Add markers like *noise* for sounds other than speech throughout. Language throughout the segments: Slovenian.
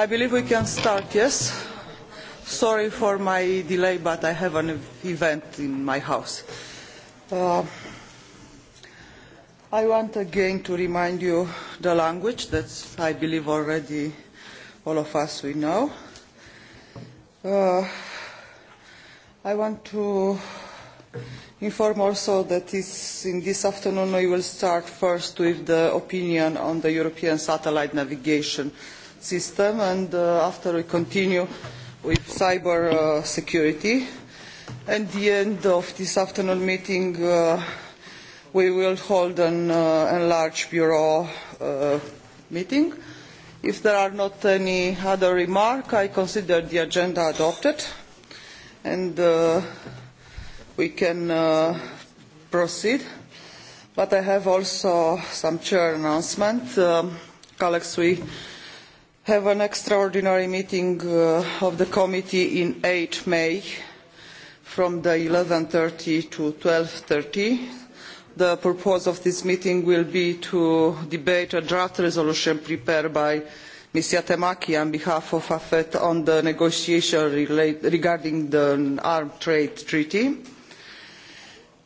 i believe we can start yes sorry for my delay but i have an event in my house uh, i want again to remind you the language that i believe already all of us we know uh, i want to inform also that this, in this afternoon we will start first with the opinion on the European Satellite Navigation uh, system and uh, after we continue with cyber uh, security. At the end of this afternoon meeting, uh, we will hold an uh, enlarged bureau uh, meeting. If there are not any other remark, I consider the agenda adopted and uh, we can uh, proceed. But I have also some chair announcement. Um, colleagues, we have an extraordinary meeting uh, of the committee in 8 May from the 11.30 to 12.30. The purpose of this meeting will be to debate a draft resolution prepared by Ms. Yatemaki on behalf of AFET on the negotiation relate, regarding the armed trade treaty.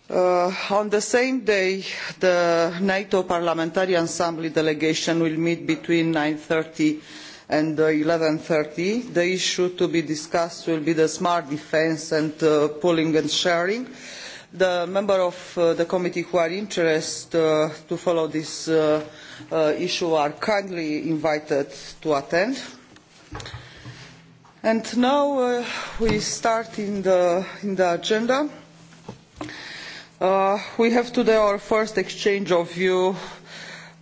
Uh, on the same day, the NATO Parliamentary Assembly delegation will meet between 930 and eleven thirty the issue to be discussed will be smart defence and uh, pooling and sharing. the members of uh, the committee who are interested uh, to follow this issue are kindly invited to attend. and now we start in the agenda. we have today our first exchange of views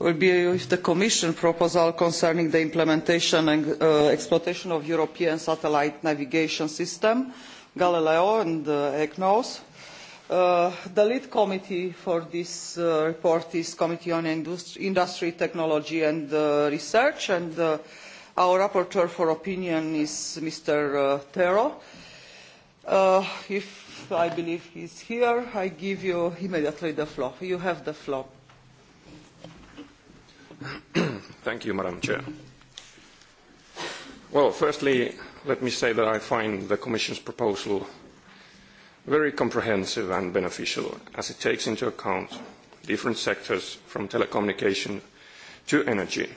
will be the commission proposal concerning the implementation and uh, exploitation of european satellite navigation system galileo and uh, ecnos uh, the lead committee for this uh, report is Committee on Indust Industry, Technology and uh, Research, and uh, our rapporteur for opinion is Mr. Uh, Tero. Uh, if I believe he's here, I give you immediately the floor. You have the floor. Thank you, Madam Chair. Well, firstly, let me say that I find the Commission's proposal very comprehensive and beneficial as it takes into account different sectors from telecommunication to energy.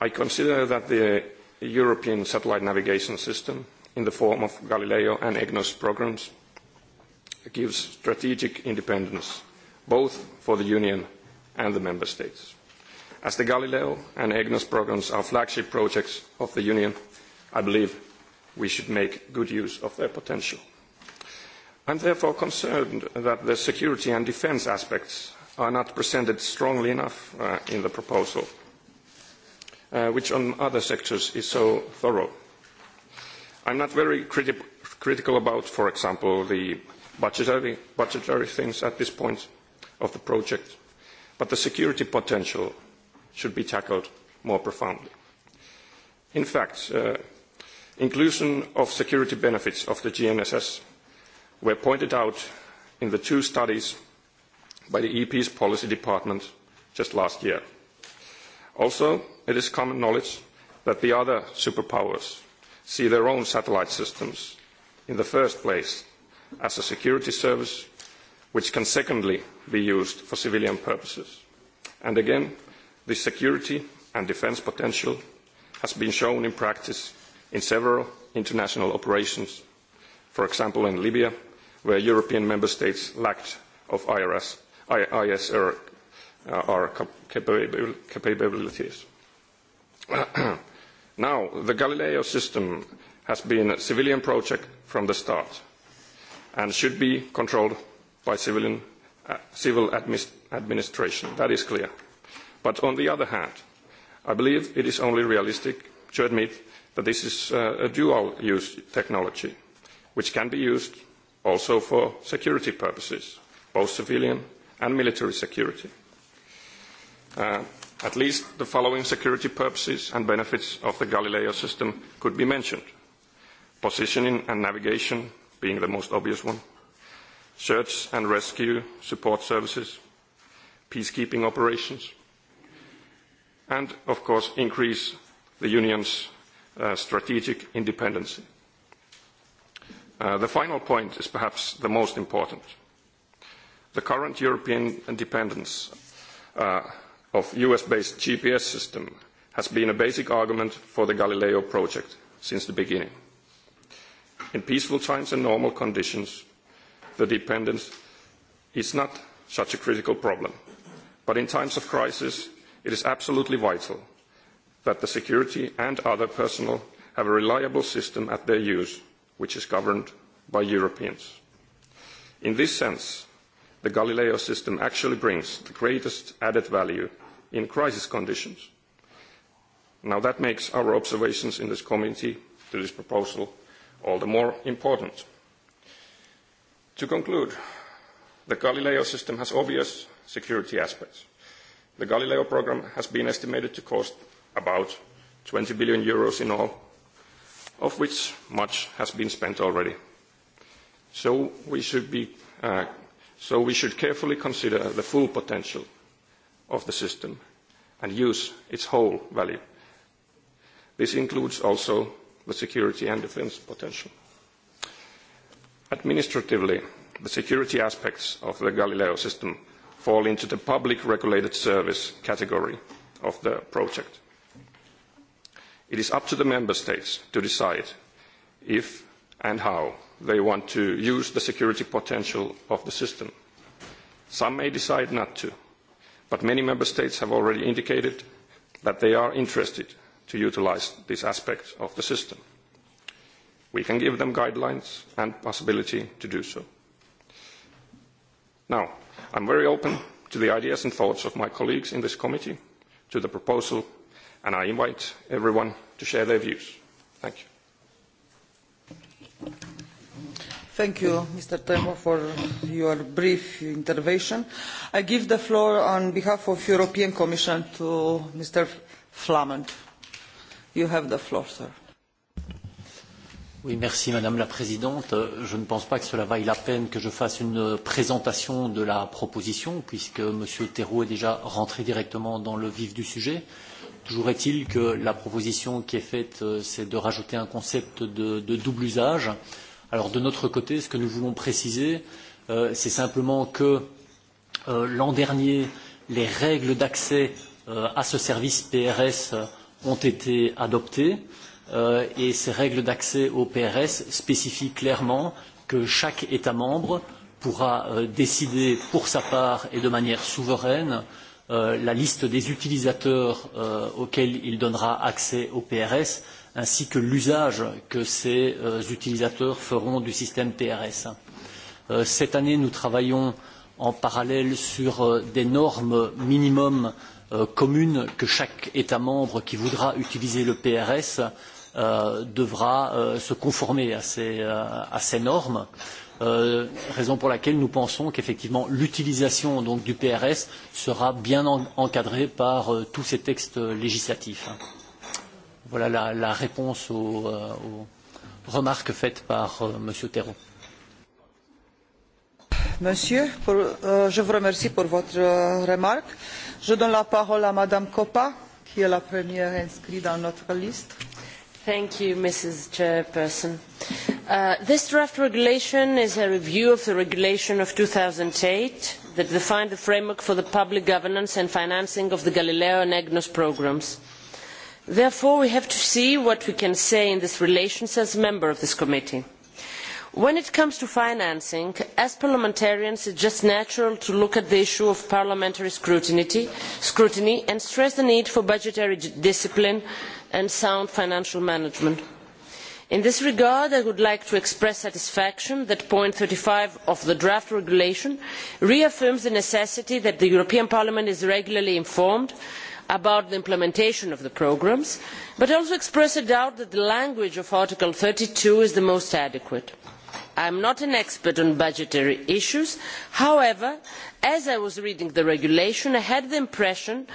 I consider that the European satellite navigation system in the form of Galileo and EGNOS programs gives strategic independence both for the Union and the Member States as the Galileo and EGNOS programs are flagship projects of the Union, I believe we should make good use of their potential. I am therefore concerned that the security and defence aspects are not presented strongly enough uh, in the proposal, uh, which on other sectors is so thorough. I am not very criti critical about, for example, the budgetary, budgetary things at this point of the project, but the security potential should be tackled more profoundly. In fact, uh, inclusion of security benefits of the GNSS were pointed out in the two studies by the EP's policy department just last year. Also, it is common knowledge that the other superpowers see their own satellite systems in the first place as a security service which can secondly be used for civilian purposes. And again, the security and defence potential has been shown in practice in several international operations, for example in Libya, where European Member States lacked of IRS, ISR uh, our capabilities. *clears throat* now, the Galileo system has been a civilian project from the start and should be controlled by civilian, uh, civil administ administration. That is clear but on the other hand, I believe it is only realistic to admit that this is uh, a dual-use technology, which can be used also for security purposes, both civilian and military security. Uh, at least the following security purposes and benefits of the Galileo system could be mentioned. Positioning and navigation being the most obvious one. Search and rescue support services. Peacekeeping operations and of course increase the union's uh, strategic independence. Uh, the final point is perhaps the most important. The current European independence uh, of US-based GPS system has been a basic argument for the Galileo project since the beginning. In peaceful times and normal conditions, the dependence is not such a critical problem. But in times of crisis, it is absolutely vital that the security and other personnel have a reliable system at their use which is governed by Europeans. In this sense, the Galileo system actually brings the greatest added value in crisis conditions. Now that makes our observations in this committee to this proposal all the more important. To conclude, the Galileo system has obvious security aspects. The Galileo program has been estimated to cost about 20 billion euros in all, of which much has been spent already. We should be, uh, so we should carefully consider the full potential of the system and use its whole value. This includes also the security and defense potential. Administratively, the security aspects of the Galileo system fall into the public regulated service category of the project. It is up to the Member States to decide if and how they want to use the security potential of the system. Some may decide not to, but many Member States have already indicated that they are interested to utilize this aspect of the system. We can give them guidelines and possibility to do so. Now, I'm very open to the ideas and thoughts of my colleagues in this committee, to the proposal, and I invite everyone to share their views. Thank you. Thank you, Mr. Temo, for your brief intervention. I give the floor on behalf of European Commission to Mr. Flamand. You have the floor, sir. Oui, merci Madame la Présidente. Je ne pense pas que cela vaille la peine que je fasse une présentation de la proposition, puisque Monsieur Thérault est déjà rentré directement dans le vif du sujet. Toujours est-il que la proposition qui est faite, euh, c'est de rajouter un concept de, de double usage. Alors de notre côté, ce que nous voulons préciser, euh, c'est simplement que euh, l'an dernier, les règles d'accès euh, à ce service PRS euh, ont été adoptées euh, et ces règles d'accès au PRS spécifient clairement que chaque État membre pourra euh, décider pour sa part et de manière souveraine euh, la liste des utilisateurs euh, auxquels il donnera accès au PRS ainsi que l'usage que ces euh, utilisateurs feront du système PRS. Euh, cette année, nous travaillons en parallèle sur euh, des normes minimum euh, communes que chaque État membre qui voudra utiliser le PRS euh, euh, devra euh, se conformer à ces, euh, à ces normes. Euh, raison pour laquelle nous pensons qu'effectivement l'utilisation donc du PRS sera bien en encadrée par euh, tous ces textes législatifs. Voilà la, la réponse aux, euh, aux remarques faites par euh, Monsieur Terreau. Monsieur, pour, euh, je vous remercie pour votre euh, remarque. Je donne la parole à Madame Coppa, qui est la première inscrite dans notre liste. Uh, this draft regulation is a review of the regulation of two thousand and eight that defined the framework for the public governance and financing of the galileo and egnos programmes. therefore we have to see what we can say in this relation as a member of this committee when it comes to financing as parliamentarians it is just natural to look at the issue of parliamentary scrutiny and stress the need for budgetary discipline and sound financial management. in this regard i would like to express satisfaction that point thirty five of the draft regulation reaffirms the necessity that the european parliament is regularly informed about the implementation of the programmes but also expresses a doubt that the language of article thirty two is the most adequate i am not an expert on budgetary issues however as i was reading the regulation i had the impression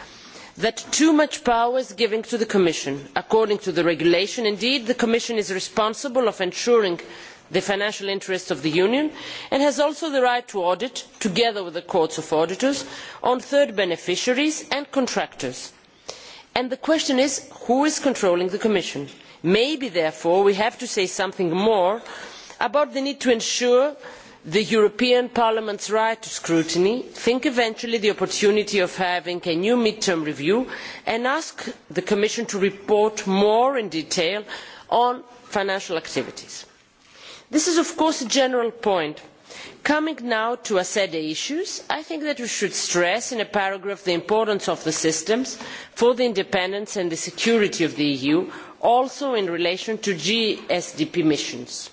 that too much power is given to the commission. according to the regulation indeed the commission is responsible for ensuring the financial interests of the union and has also the right to audit together with the courts of auditors on third beneficiaries and contractors. the question is who is controlling the commission? maybe therefore we have to say something more about about the need to ensure the european parliament's right to scrutiny think eventually of the opportunity of having a new mid term review and ask the commission to report more in detail on financial activities. this is of course a general point. coming now to acede issues i think that we should stress in a paragraph the importance of the systems for the independence and the security of the eu also in relation to gsdp missions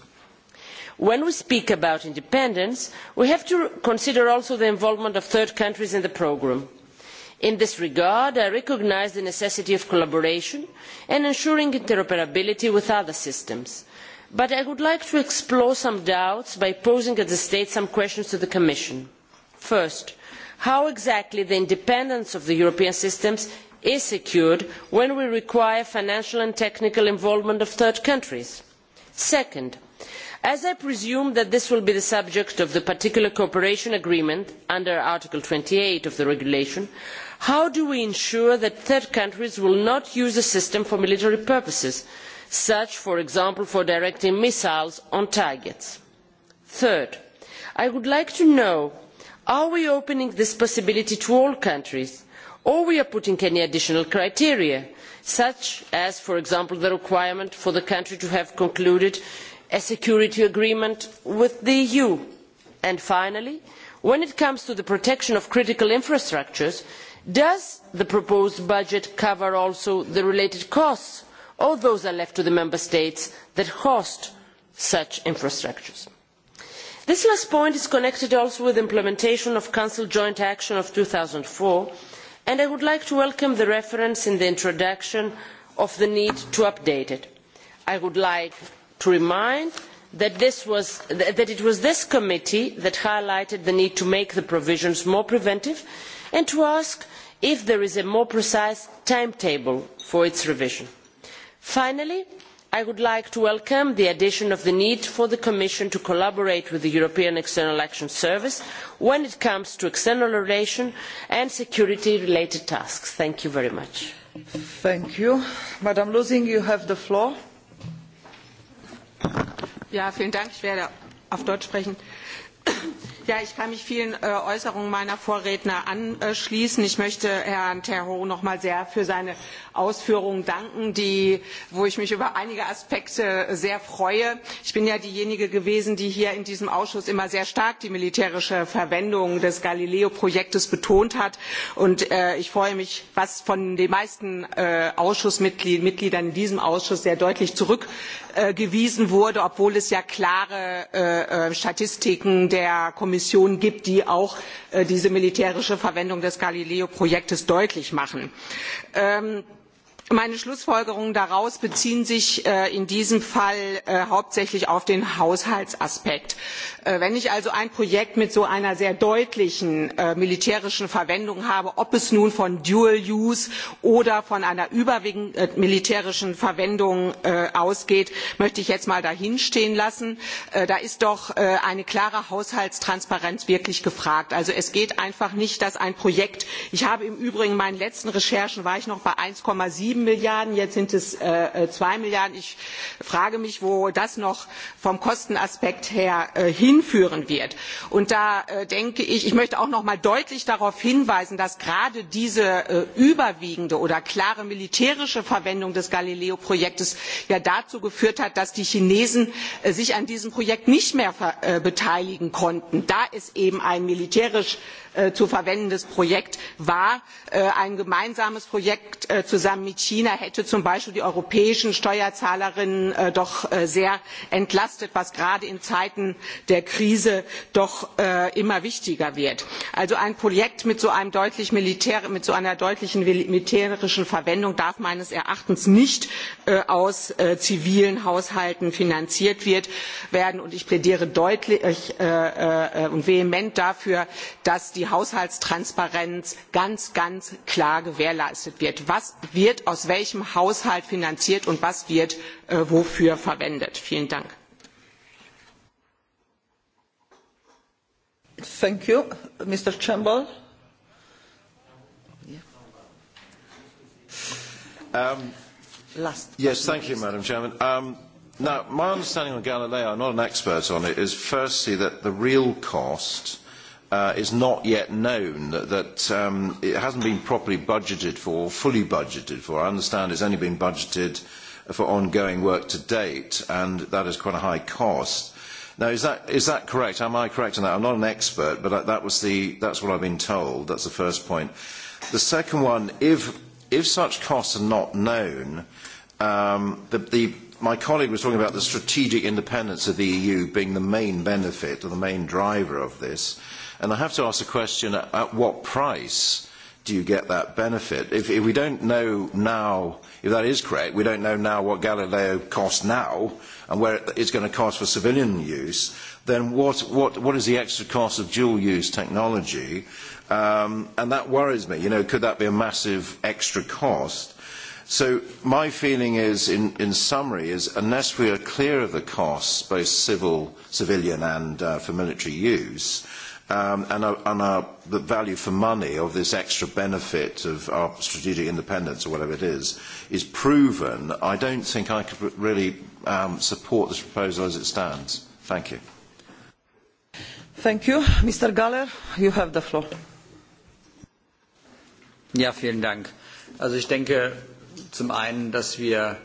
when we speak about independence we have to consider also the involvement of third countries in the programme. in this regard i recognise the necessity of collaboration and ensuring interoperability with other systems but i would like to explore some doubts by posing at this stage some questions to the commission. first how exactly is the independence of the european systems secured when we require financial and technical involvement of third countries? second as i presume that this will be the subject of the particular cooperation agreement under article twenty eight of the regulation how do we ensure that third countries will not use the system for military purposes such for example as directing missiles at targets? third i would like to know are we opening this possibility to all countries or are we putting any additional criteria such as for example the requirement for the country to have concluded a security agreement with the eu and finally when it comes to the protection of critical infrastructures does the proposed budget also cover the related costs or are those left to the member states that host such infrastructures? this last point is connected also with implementation of council joint action of two thousand and four and i would like to welcome the reference in the introduction to the need to update it. i would like to remind that it was this committee that highlighted the need to make the provisions more preventive and to ask if there is a more precise timetable for its revision. finally i would like to welcome the addition of the need for the commission to collaborate with the european external action service when it comes to external relations and security related tasks. thank you very much. Ja, vielen Dank. Ich werde auf Deutsch sprechen. Ja, ich kann mich vielen äh, Äußerungen meiner Vorredner anschließen. Ich möchte Herrn Terho noch mal sehr für seine Ausführungen danken, die, wo ich mich über einige Aspekte sehr freue. Ich bin ja diejenige gewesen, die hier in diesem Ausschuss immer sehr stark die militärische Verwendung des Galileo-Projektes betont hat. Und äh, ich freue mich, was von den meisten äh, Ausschussmitgliedern in diesem Ausschuss sehr deutlich zurückgewiesen äh, wurde, obwohl es ja klare äh, äh, Statistiken der Kommission gibt, die auch äh, diese militärische Verwendung des Galileo-Projektes deutlich machen. Ähm, meine schlussfolgerungen daraus beziehen sich äh, in diesem fall äh, hauptsächlich auf den haushaltsaspekt. Äh, wenn ich also ein projekt mit so einer sehr deutlichen militärischen verwendung habe ob es nun von dual use oder von einer überwiegend militärischen verwendung ausgeht möchte ich jetzt mal dahinstehen lassen. da ist doch eine klare haushaltstransparenz wirklich gefragt. also es geht einfach nicht dass ein projekt ich habe im übrigen in meinen letzten recherchen war ich noch bei eins sieben sieben milliarden jetzt sind es äh, äh, zwei milliarden. ich frage mich wo das noch vom kostenaspekt her äh, hinführen wird. ich möchte auch noch einmal deutlich darauf hinweisen dass gerade diese überwiegende oder klare militärische verwendung des galileo projekts ja dazu geführt hat dass die chinesen sich an diesem projekt nicht mehr beteiligen konnten da es eben ein militärisch zu verwendendes projekt war ein gemeinsames projekt zusammen china hätte zum beispiel die europäischen steuerzahlerinnen und äh, steuerzahler doch äh, sehr entlastet was gerade in zeiten der krise doch äh, immer wichtiger wird. also ein projekt mit so einer deutlichen militärischen verwendung darf meines erachtens nicht aus zivilen haushalten finanziert werden und ich plädiere deutlich und vehement dafür dass die haushaltstransparenz ganz ganz klar gewährleistet wird. was wird aus welchem haushalt finanziert und was wird äh, wofür verwendet? Um, um, my understanding on galileo i am not an expert on it is firstly that the real cost uh, is not yet known, that, that um, it hasn't been properly budgeted for, or fully budgeted for. I understand it's only been budgeted for ongoing work to date, and that is quite a high cost. Now, is that, is that correct? Am I correct on that? I'm not an expert, but that, that was the, that's what I've been told. That's the first point. The second one, if, if such costs are not known, um, the, the, my colleague was talking about the strategic independence of the EU being the main benefit or the main driver of this. Uh, And I have to ask the question at what price do you get that benefit? If, if we don't know now, if that is correct, we don't know now what Galileo costs now and where it's going to cost for civilian use, then what, what, what is the extra cost of dual use technology? Um, and that worries me. You know, could that be a massive extra cost? So my feeling is, in, in summary, is unless we are clear of the costs, both civil, civilian and uh, for military use, uh, um, and, our, uh, and our, uh, the value for money of this extra benefit of our strategic independence or whatever it is, is proven, I don't think I could really um, support this proposal as it stands. Thank you. Thank you. Mr. Galler, you have the floor. Ja, vielen Dank. Also ich denke zum einen, dass wir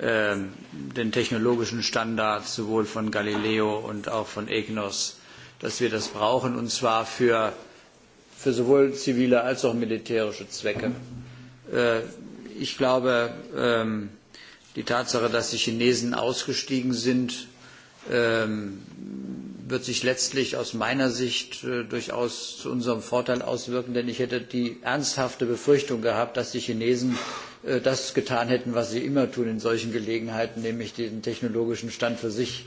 äh, den technologischen Standard sowohl von Galileo und auch von EGNOS äh, dass wir das brauchen, und zwar für, für sowohl zivile als auch militärische Zwecke. Äh, ich glaube, ähm, die Tatsache, dass die Chinesen ausgestiegen sind, ähm, wird sich letztlich aus meiner Sicht äh, durchaus zu unserem Vorteil auswirken, denn ich hätte die ernsthafte Befürchtung gehabt, dass die Chinesen äh, das getan hätten, was sie immer tun in solchen Gelegenheiten, nämlich den technologischen Stand für sich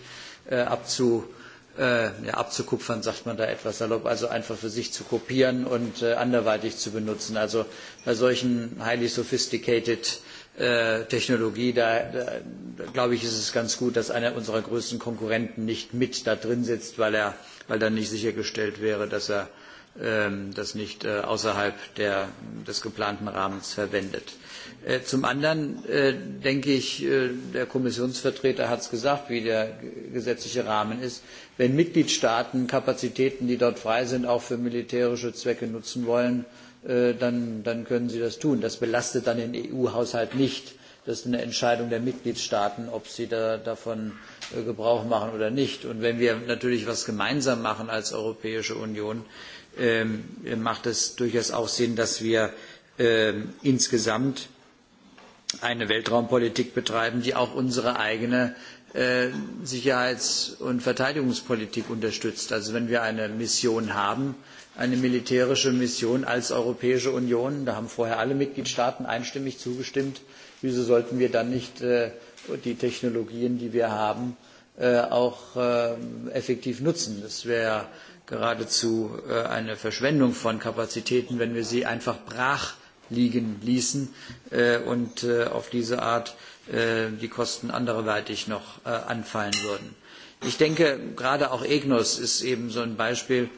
äh, abzubauen äh, ja, abzukupfern, sagt man da etwas salopp, also einfach für sich zu kopieren und äh, anderweitig zu benutzen. Also bei solchen highly sophisticated äh, Technologie, da, da, da glaube ich, ist es ganz gut, dass einer unserer größten Konkurrenten nicht mit da drin sitzt, weil er, weil dann nicht sichergestellt wäre, dass er äh, Ähm, das nicht äh, außerhalb der, des geplanten Rahmens verwendet. Äh, zum anderen äh, denke ich, der Kommissionsvertreter hat es gesagt, wie der gesetzliche Rahmen ist. Wenn Mitgliedstaaten Kapazitäten, die dort frei sind, auch für militärische Zwecke nutzen wollen, dann, dann können sie das tun. Das belastet dann den EU-Haushalt nicht. Das ist eine Entscheidung der Mitgliedstaaten, ob sie da, davon Gebrauch machen oder nicht. Und wenn wir natürlich etwas gemeinsam machen als Europäische Union, ähm, macht es durchaus auch Sinn, dass wir ähm, insgesamt eine Weltraumpolitik betreiben, die auch unsere eigene äh, Sicherheits- und Verteidigungspolitik unterstützt. Also wenn wir eine Mission haben, eine militärische Mission als Europäische Union, da haben vorher alle Mitgliedstaaten einstimmig zugestimmt, wieso sollten wir dann nicht äh, die Technologien, die wir haben, äh, auch äh, effektiv nutzen? Das wäre geradezu äh, eine Verschwendung von Kapazitäten, wenn wir sie einfach brach liegen ließen äh, und äh, auf diese Art die Kosten anderweitig noch anfallen würden. Ich denke, gerade auch EGNOS ist eben so ein Beispiel,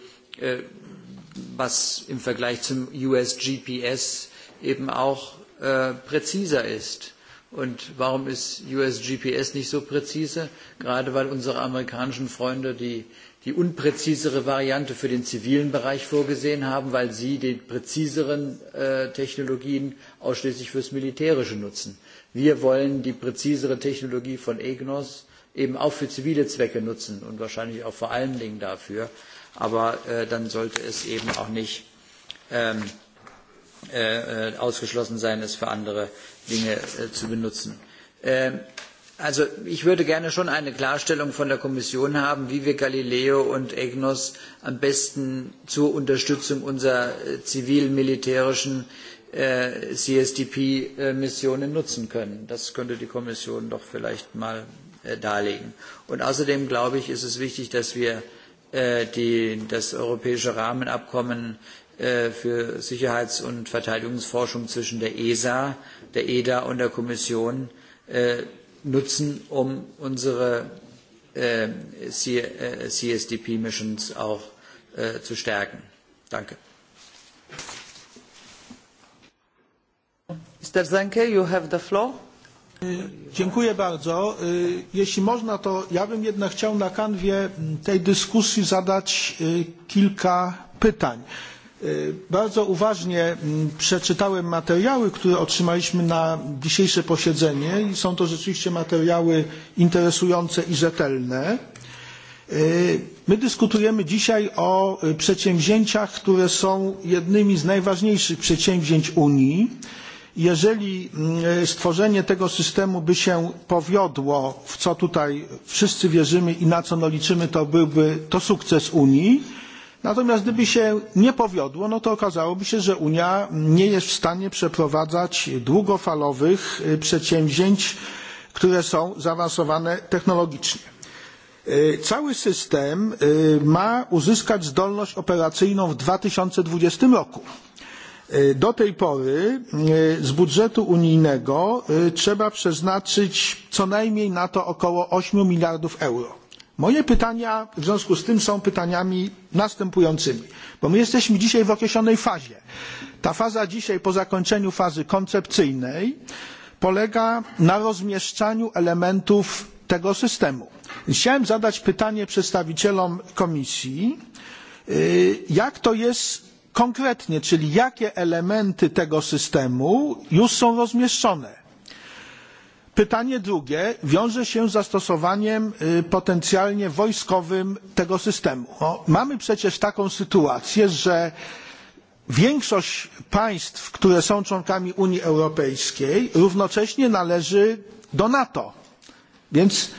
was im Vergleich zum USGPS eben auch präziser ist. Und warum ist USGPS nicht so präzise? Gerade weil unsere amerikanischen Freunde die die unpräzisere Variante für den zivilen Bereich vorgesehen haben, weil sie die präziseren äh, Technologien ausschließlich fürs Militärische nutzen. Wir wollen die präzisere Technologie von EGNOS eben auch für zivile Zwecke nutzen und wahrscheinlich auch vor allen Dingen dafür. Aber äh, dann sollte es eben auch nicht ähm, äh, äh ausgeschlossen sein, es für andere Dinge äh, zu benutzen. Äh, Also ich würde gerne schon eine Klarstellung von der Kommission haben, wie wir Galileo und EGNOS am besten zur Unterstützung unserer äh, zivil-militärischen äh, CSDP-Missionen nutzen können. Das könnte die Kommission doch vielleicht mal äh, darlegen. Und außerdem glaube ich, ist es wichtig, dass wir äh, die, das europäische Rahmenabkommen äh, für Sicherheits- und Verteidigungsforschung zwischen der ESA, der EDA und der Kommission äh, nutzen, um unsere ähm, äh, CSDP-Missions auch äh, zu stärken. Danke. Mr. Zenke, you have the floor. E, dziękuję bardzo. E, jeśli można, to ja bym jednak chciał na kanwie tej dyskusji zadać e, kilka pytań. E, bardzo uważnie mm, przeczytałem materiały, które otrzymaliśmy na dzisiejsze posiedzenie i są to rzeczywiście materiały interesujące i rzetelne. E, my dyskutujemy dzisiaj o e, przedsięwzięciach, które są jednymi z najważniejszych przedsięwzięć Unii. Jeżeli mm, stworzenie tego systemu by się powiodło, w co tutaj wszyscy wierzymy i na co no liczymy, to byłby to sukces Unii. Natomiast gdyby się nie powiodło, no to okazałoby się, że Unia nie jest w stanie przeprowadzać długofalowych przedsięwzięć, które są zaawansowane technologicznie. Cały system ma uzyskać zdolność operacyjną w 2020 roku. Do tej pory z budżetu unijnego trzeba przeznaczyć co najmniej na to około 8 miliardów euro. Moje pytania w związku z tym są pytaniami następującymi, bo my jesteśmy dzisiaj w określonej fazie. Ta faza dzisiaj po zakończeniu fazy koncepcyjnej polega na rozmieszczaniu elementów tego systemu. Chciałem zadać pytanie przedstawicielom komisji, jak to jest konkretnie, czyli jakie elementy tego systemu już są rozmieszczone pytanie drugie wiąże się z zastosowaniem potencjalnie wojskowym tego systemu. No, mamy przecież taką sytuację że większość państw które są członkami unii europejskiej równocześnie należy do nato więc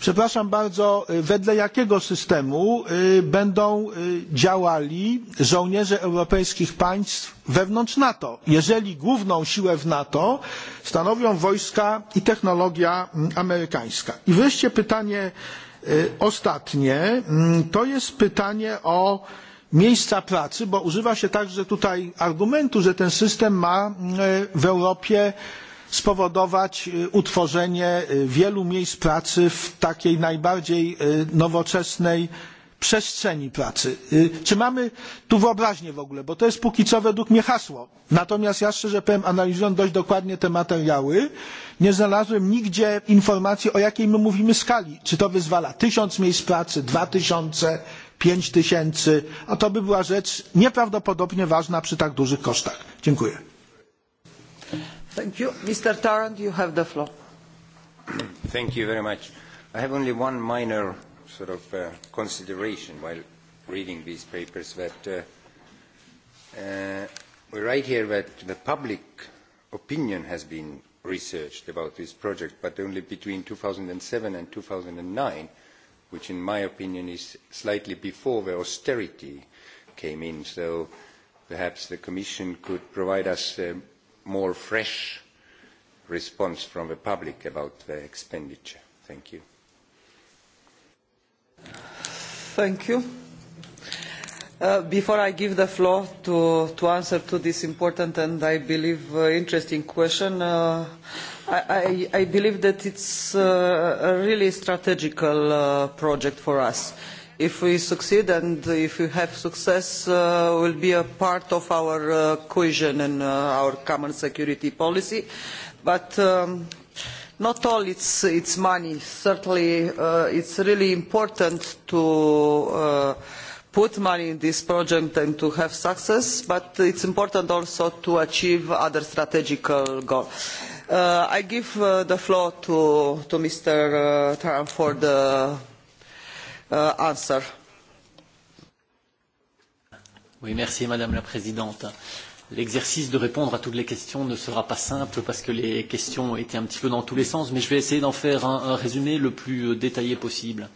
przepraszam bardzo wedle jakiego systemu będą działali żołnierze europejskich państw wewnątrz nato jeżeli główną siłę w nato stanowią wojska i technologia mm, amerykańska? i wreszcie pytanie ostatnie mm, to jest pytanie o miejsca pracy bo używa się także tutaj argumentu że ten system ma mm, w europie spowodować utworzenie wielu miejsc pracy w takiej najbardziej nowoczesnej przestrzeni pracy. Czy mamy tu wyobraźnię w ogóle? Bo to jest póki co według mnie hasło. Natomiast ja szczerze powiem, analizując dość dokładnie te materiały, nie znalazłem nigdzie informacji, o jakiej my mówimy skali. Czy to wyzwala tysiąc miejsc pracy, dwa tysiące, pięć tysięcy? A to by była rzecz nieprawdopodobnie ważna przy tak dużych kosztach. Dziękuję. Thank you. Mr. Tarrant, you have the floor. *clears throat* Thank you very much. I have only one minor sort of uh, consideration while reading these papers that uh, uh, we write here that the public opinion has been researched about this project, but only between 2007 and 2009, which in my opinion is slightly before the austerity came in. So perhaps the Commission could provide us uh, more fresh response from the public about the expenditure. Thank you. Thank you. Uh, before I give the floor to, to answer to this important and, I believe, uh, interesting question, uh, I, I, I believe that it's uh, a really strategical uh, project for us. Uh, if we succeed and if we have success uh, will be a part of our uh, cohesion and uh, our common security policy but um, not all it's, it's money. Certainly, uh, it's really important to uh, put money in this project and to have success, but it's important also to achieve other strategical goals. Uh, I give uh, the floor to, to Mr. Uh, Trump for the Uh, madame la présidente l'exercice de répondre à toutes les questions ne sera pas simple parce que les questions ont été un petit peu dans tous les sens mais je vais essayer d'en faire un, un résumé le plus euh, détaillé possible.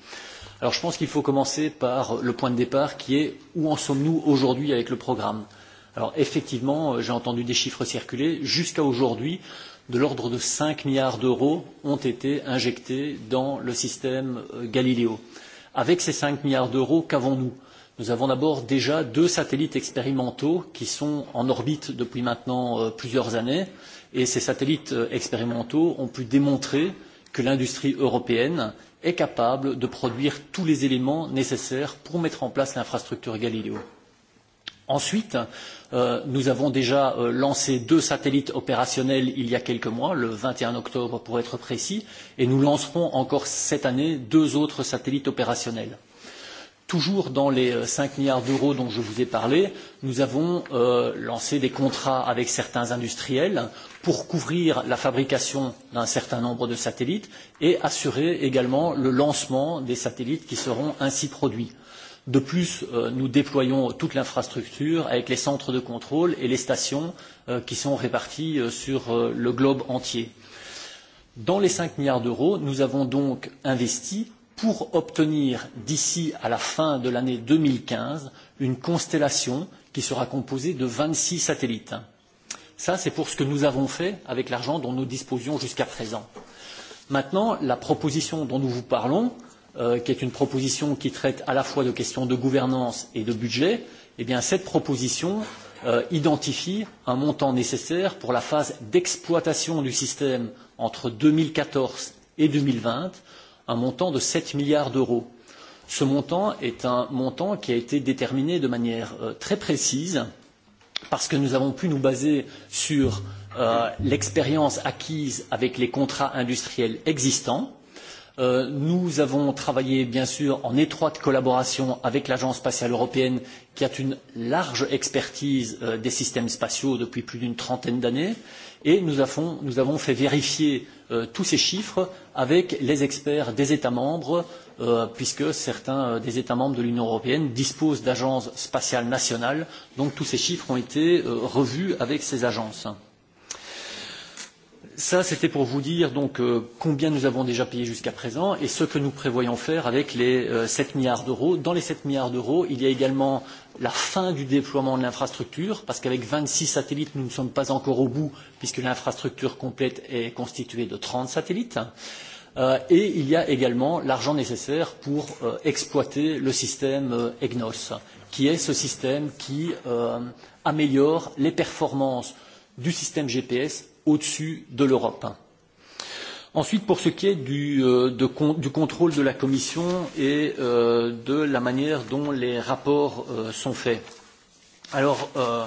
Alors je pense qu'il faut commencer par le point de départ qui est où en sommes-nous aujourd'hui avec le programme Alors effectivement, euh, j'ai entendu des chiffres circuler. Jusqu'à aujourd'hui, de l'ordre de 5 milliards d'euros ont été injectés dans le système euh, Galileo. Euh, Avec ces 5 milliards d'euros, qu'avons-nous nous avons d'abord déjà deux satellites expérimentaux qui sont en orbite depuis maintenant euh, plusieurs années et ces satellites euh, expérimentaux ont pu démontrer que l'industrie européenne est capable de produire tous les éléments nécessaires pour mettre en place l'infrastructure Galileo. Ensuite, euh, nous avons déjà euh, lancé deux satellites opérationnels il y a quelques mois, le 21 octobre pour être précis, et nous lancerons encore cette année deux autres satellites opérationnels. Toujours dans les 5 euh, milliards d'euros dont je vous ai parlé, nous avons euh, lancé des contrats avec certains industriels pour couvrir la fabrication d'un certain nombre de satellites et assurer également le lancement des satellites qui seront ainsi produits. De plus, euh, nous déployons toute l'infrastructure avec les centres de contrôle et les stations euh, qui sont réparties euh, sur le globe entier. Dans les 5 milliards d'euros, nous avons donc investi pour obtenir d'ici à la fin de l'année 2015 une constellation qui sera composée de 26 satellites. Ça, c'est pour ce que nous avons fait avec l'argent dont nous disposions jusqu'à présent. Maintenant, la proposition dont nous vous parlons, Euh, qui est une proposition qui traite à la fois de questions de gouvernance et de budget, eh bien cette proposition euh, identifie un montant nécessaire pour la phase d'exploitation du système entre 2014 et 2020, un montant de 7 milliards d'euros. Ce montant est un montant qui a été déterminé de manière euh, très précise parce que nous avons pu nous baser sur euh, l'expérience acquise avec les contrats industriels existants Euh, nous avons travaillé, bien sûr, en étroite collaboration avec l'Agence spatiale européenne, qui a une large expertise euh, des systèmes spatiaux depuis plus d'une trentaine d'années, et nous avons, nous avons fait vérifier euh, tous ces chiffres avec les experts des États membres, euh, puisque certains euh, des États membres de l'Union européenne disposent d'agences spatiales nationales, donc tous ces chiffres ont été euh, revus avec ces agences. Ça, c'était pour vous dire donc euh, combien nous avons déjà payé jusqu'à présent et ce que nous prévoyons faire avec les 7 euh, milliards d'euros. Dans les 7 milliards d'euros, il y a également la fin du déploiement de l'infrastructure, parce qu'avec 26 satellites, nous ne sommes pas encore au bout, puisque l'infrastructure complète est constituée de 30 satellites. Euh, et il y a également l'argent nécessaire pour euh, exploiter le système euh, EGNOS, qui est ce système qui euh, améliore les performances du système GPS au dessus de l'Europe. Ensuite, pour ce qui est du, euh, de, du contrôle de la Commission et euh, de la manière dont les rapports euh, sont faits. Alors, euh,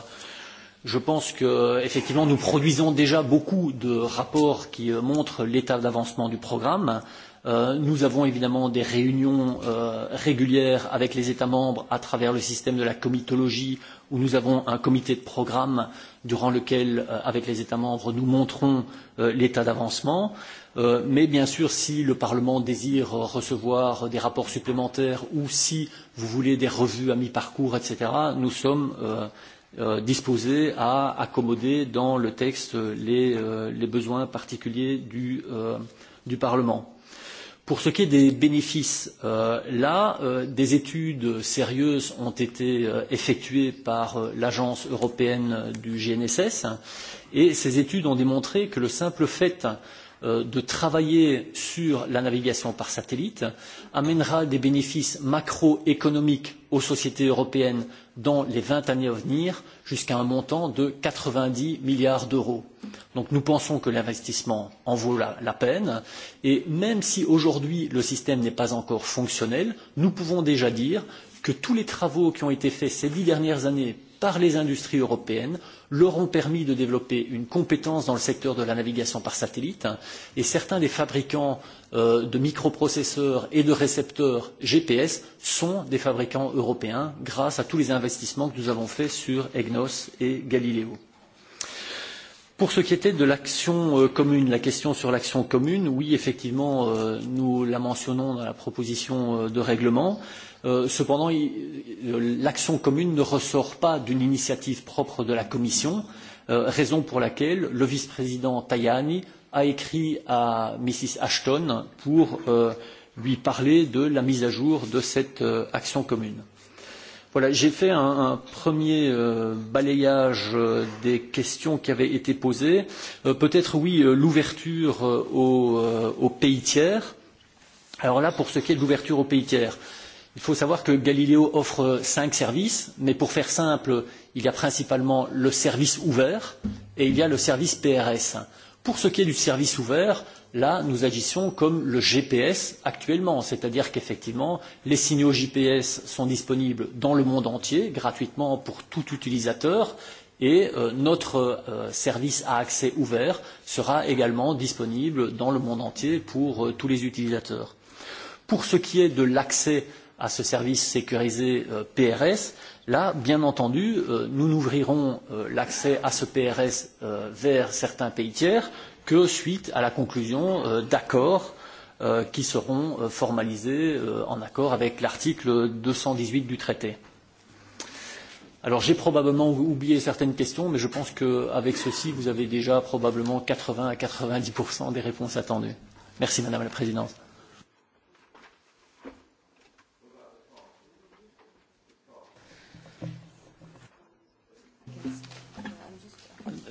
je pense qu'effectivement, nous produisons déjà beaucoup de rapports qui euh, montrent l'état d'avancement du programme. Euh, Euh, nous avons évidemment des réunions euh, régulières avec les États membres à travers le système de la comitologie où nous avons un comité de programme durant lequel, euh, avec les États membres, nous montrons euh, l'état d'avancement. Euh, mais bien sûr, si le Parlement désire euh, recevoir des rapports supplémentaires ou si vous voulez des revues à mi-parcours, etc., nous sommes euh, euh, disposés à accommoder dans le texte euh, les, euh, les besoins particuliers du, euh, du Parlement. Pour ce qui est des bénéfices, euh, là, euh, des études sérieuses ont été euh, effectuées par euh, l'Agence européenne du GNSS et ces études ont démontré que le simple fait euh, Euh, de travailler sur la navigation par satellite amènera des bénéfices macroéconomiques aux sociétés européennes dans les 20 années à venir jusqu'à un montant de 90 milliards d'euros. Donc nous pensons que l'investissement en vaut la, la peine et même si aujourd'hui le système n'est pas encore fonctionnel, nous pouvons déjà dire que tous les travaux qui ont été faits ces dix dernières années par les industries européennes leur ont permis de développer une compétence dans le secteur de la navigation par satellite et certains des fabricants euh, de microprocesseurs et de récepteurs GPS sont des fabricants européens grâce à tous les investissements que nous avons faits sur EGNOS et Galileo. Pour ce qui était de l'action euh, commune, la question sur l'action commune, oui, effectivement, euh, nous la mentionnons dans la proposition euh, de règlement. Cependant, l'action commune ne ressort pas d'une initiative propre de la Commission, raison pour laquelle le vice-président Tajani a écrit à Mrs. Ashton pour lui parler de la mise à jour de cette action commune. J'ai fait un, un premier euh, balayage euh, des questions qui avaient été posées. Euh, Peut-être, oui, euh, l'ouverture euh, aux, euh, aux pays tiers. Alors là, pour ce qui est de l'ouverture aux pays tiers, il faut savoir que Galileo offre euh, cinq services, mais pour faire simple, il y a principalement le service ouvert et il y a le service PRS. Pour ce qui est du service ouvert, euh, là, nous agissons comme le GPS actuellement, c'est-à-dire qu'effectivement, les signaux GPS sont disponibles dans le monde entier, gratuitement pour tout utilisateur, et euh, notre euh, service à accès ouvert sera également disponible dans le monde entier pour euh, tous les utilisateurs. Pour ce qui est de l'accès à ce service sécurisé euh, PRS, là, bien entendu, euh, nous n'ouvrirons euh, l'accès à ce PRS euh, vers certains pays tiers que suite à la conclusion euh, d'accords euh, qui seront euh, formalisés euh, en accord avec l'article 218 du traité. Alors j'ai probablement oublié certaines questions, mais je pense qu'avec ceci, vous avez déjà probablement 80 à 90 des réponses attendues. Merci Madame la Présidente.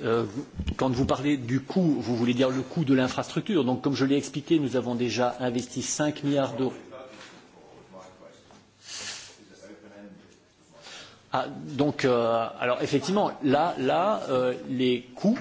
Euh, quand vous parlez du coût, vous voulez dire le coût de l'infrastructure. Donc, comme je l'ai expliqué, nous avons déjà investi 5 milliards d'euros. Ah, donc, euh, alors effectivement, là, là euh, les, coûts,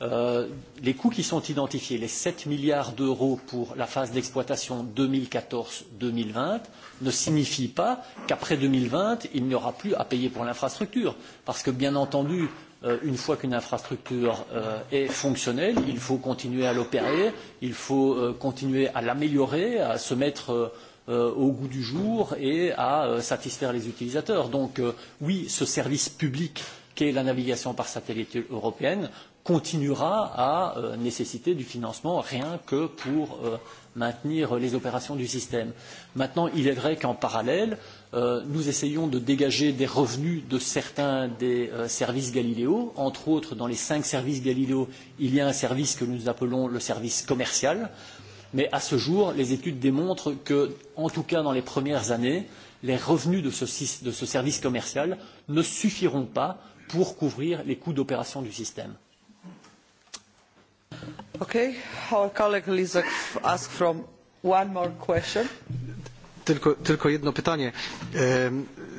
euh, les coûts qui sont identifiés, les 7 milliards d'euros pour la phase d'exploitation 2014-2020, ne signifient pas qu'après 2020, il n'y aura plus à payer pour l'infrastructure. Parce que, bien entendu, euh, euh, une fois qu'une infrastructure euh, est fonctionnelle, il faut continuer à l'opérer, il faut euh, continuer à l'améliorer, à se mettre euh, euh, au goût du jour et à euh, satisfaire les utilisateurs. Donc euh, oui, ce service public qu'est la navigation par satellite européenne continuera à euh, nécessiter du financement rien que pour euh, maintenir les opérations du système. Maintenant, il est vrai qu'en parallèle, euh, Euh, nous essayons de dégager des revenus de certains des euh, services Galiléo. Entre autres, dans les cinq services Galiléo, il y a un service que nous appelons le service commercial. Mais à ce jour, les études démontrent que, en tout cas dans les premières années, les revenus de ce, de ce service commercial ne suffiront pas pour couvrir les coûts d'opération du système. Okay. Our colleague Lisa asked from one more question tylko, tylko jedno pytanie.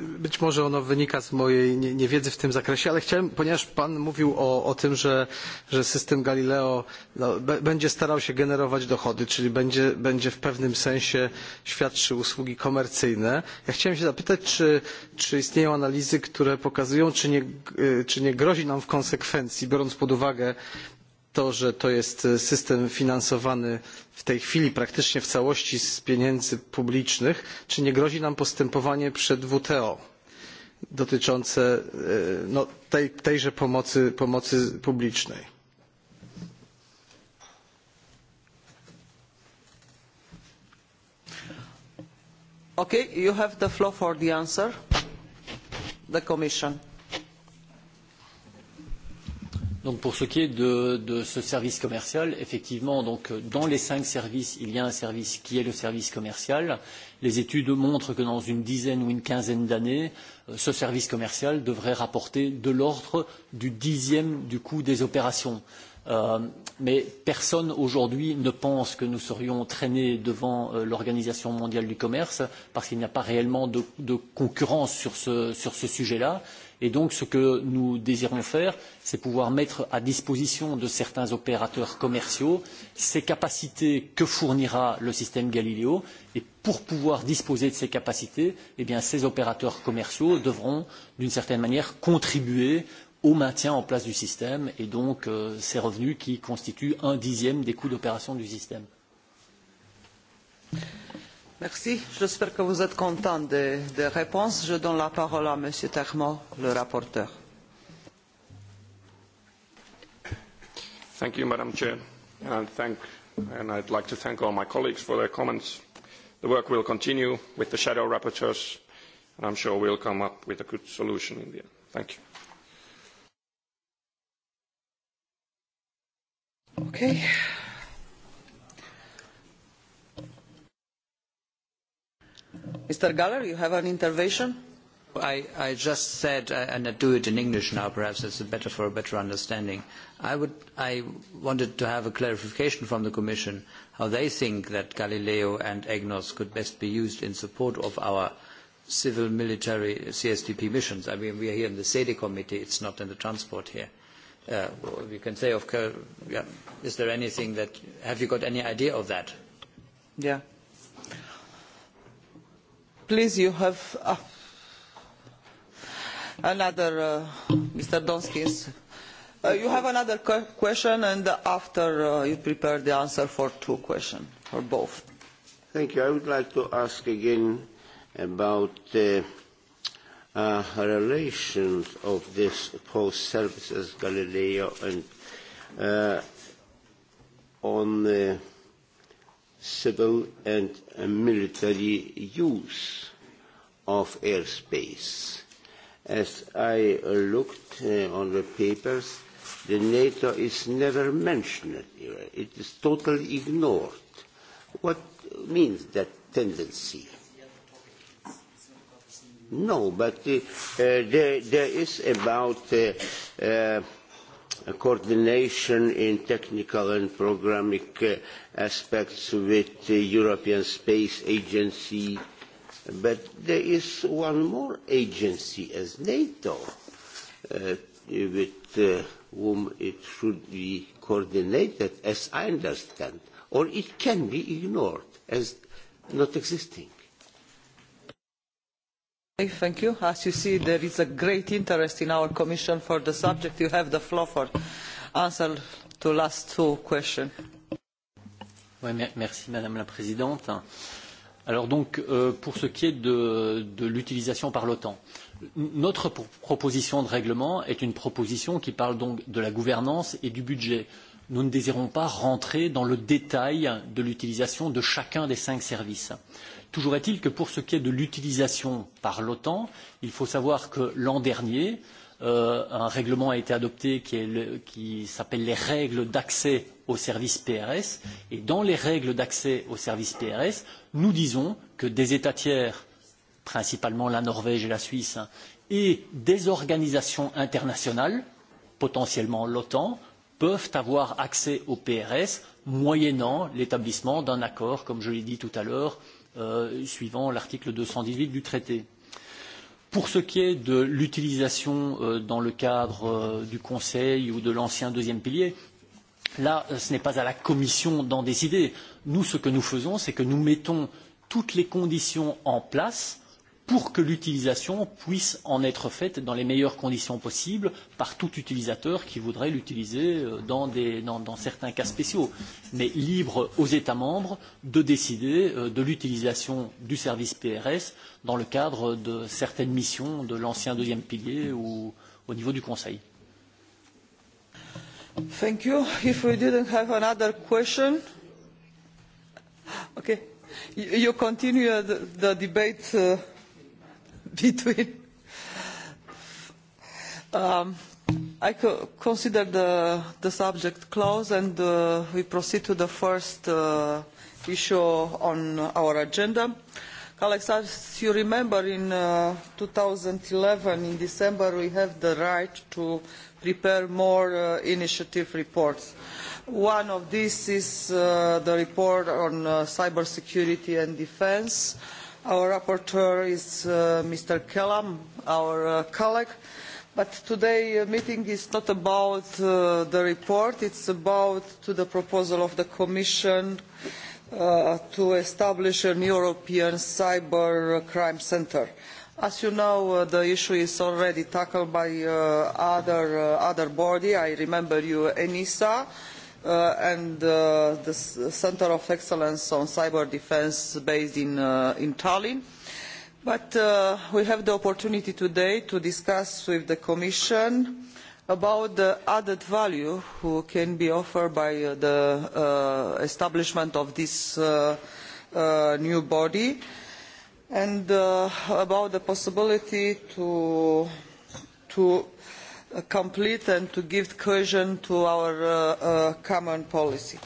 Być może ono wynika z mojej niewiedzy w tym zakresie, ale chciałem, ponieważ Pan mówił o, o tym, że, że system Galileo no, będzie starał się generować dochody, czyli będzie, będzie w pewnym sensie świadczył usługi komercyjne. Ja chciałem się zapytać, czy, czy istnieją analizy, które pokazują, czy nie, e, czy nie grozi nam w konsekwencji, biorąc pod uwagę to, że to jest e, system finansowany w tej chwili praktycznie w całości z pieniędzy publicznych, czy nie grozi nam postępowanie przed WTO dotyczące e, no, tej, tejże pomocy, pomocy publicznej? Okay, you have the floor for the answer. The Commission. Donc pour ce qui est de, de ce service commercial, effectivement, donc dans les cinq services, il y a un service qui est le service commercial. Les études montrent que dans une dizaine ou une quinzaine d'années, euh, ce service commercial devrait rapporter de l'ordre du dixième du coût des opérations. Euh, mais personne aujourd'hui ne pense que nous serions traînés devant euh, l'Organisation mondiale du commerce parce qu'il n'y a pas réellement de, de concurrence sur ce, sur ce sujet-là. Et donc ce que nous désirons faire, c'est pouvoir mettre à disposition de certains opérateurs commerciaux ces capacités que fournira le système Galileo. Et pour pouvoir disposer de ces capacités, eh bien, ces opérateurs commerciaux devront d'une certaine manière contribuer au maintien en place du système et donc euh, ces revenus qui constituent un dixième des coûts d'opération du système. Merci. J'espère que vous êtes content des, des réponses. Je donne la parole à M. Termo, le rapporteur. Thank you, Madam Chair. And, thank, and I'd like to thank all my colleagues for their comments. The work will continue with the shadow rapporteurs, and I'm sure we'll come up with a good solution in the end. Thank you. Okay. mr gahler you have an intervention? i just said uh, and i do it in english now perhaps it is better for a better understanding i wanted to have a clarification from the commission how they think that galileo and egnos could best be used in support of our civil military csdp missions. i mean we are here in the sede committee it is not in the transport here. Uh, we can say of course yeah, is there anything that have you got any idea of that? yeah please you have uh, another uh, mr donskis uh, you have another qu question and after uh, you prepare the answer for two questions or both thank you i would like to ask again about the uh, uh, relations of this post services galileo and uh, on the uh, civil and uh, military use of airspace. As I looked uh, on the papers, the NATO is never mentioned here. It is totally ignored. What means that tendency? No, but uh, uh there, there is about uh, uh, coordination in technical and programming uh, aspects with the uh, European Space Agency. But there is one more agency as NATO uh, with uh, whom it should be coordinated, as I understand, or it can be ignored as not existing. Thank you. As you see, there is a great interest in our Commission for the subject. You have the floor for answer to last two questions. Oui, merci Madame la Présidente. Alors donc, euh, pour ce qui est de, de l'utilisation par l'OTAN, notre proposition de règlement est une proposition qui parle donc de la gouvernance et du budget nous ne désirons pas rentrer dans le détail de l'utilisation de chacun des cinq services. Toujours est-il que pour ce qui est de l'utilisation par l'OTAN, il faut savoir que l'an dernier, euh, un règlement a été adopté qui s'appelle le, les règles d'accès au service PRS. Et dans les règles d'accès au service PRS, nous disons que des États tiers, principalement la Norvège et la Suisse, et des organisations internationales, potentiellement l'OTAN, peuvent avoir accès au PRS moyennant l'établissement d'un accord, comme je l'ai dit tout à l'heure, euh, suivant l'article 218 du traité. Pour ce qui est de l'utilisation euh, dans le cadre euh, du Conseil ou de l'ancien deuxième pilier, là, euh, ce n'est pas à la Commission d'en décider. Nous, ce que nous faisons, c'est que nous mettons toutes les conditions en place euh, pour que l'utilisation puisse en être faite dans les meilleures conditions possibles par tout utilisateur qui voudrait l'utiliser euh, dans, dans, dans certains cas spéciaux, mais libre aux États membres de décider euh, de l'utilisation du service PRS dans le cadre de certaines missions de l'ancien deuxième pilier ou au niveau du Conseil. Thank you. If we didn't have another question, okay. you continue the, the debate, uh, between. Um, I co consider the, the subject closed and uh, we proceed to the first uh, issue on our agenda. Colleagues, as you remember, in uh, 2011, in December, we have the right to prepare more uh, initiative reports. One of these is uh, the report on uh, cybersecurity and defense. Uh, our rapporteur is uh, mr kelam our uh, colleague but today the uh, meeting is not about the report it is about the proposal of the commission to establish a european cyber crime centre. as you know the issue is already tackled by another body i remember enisa which uh, and uh, the S Center of Excellence on Cyber Defense based in, uh, in Tallinn. But uh, we have the opportunity today to discuss with the Commission about the added value who can be offered by uh, the uh, establishment of this uh, uh, new body and uh, about the possibility to, to Uh, complete and to give cohesion to our uh, uh, common policy.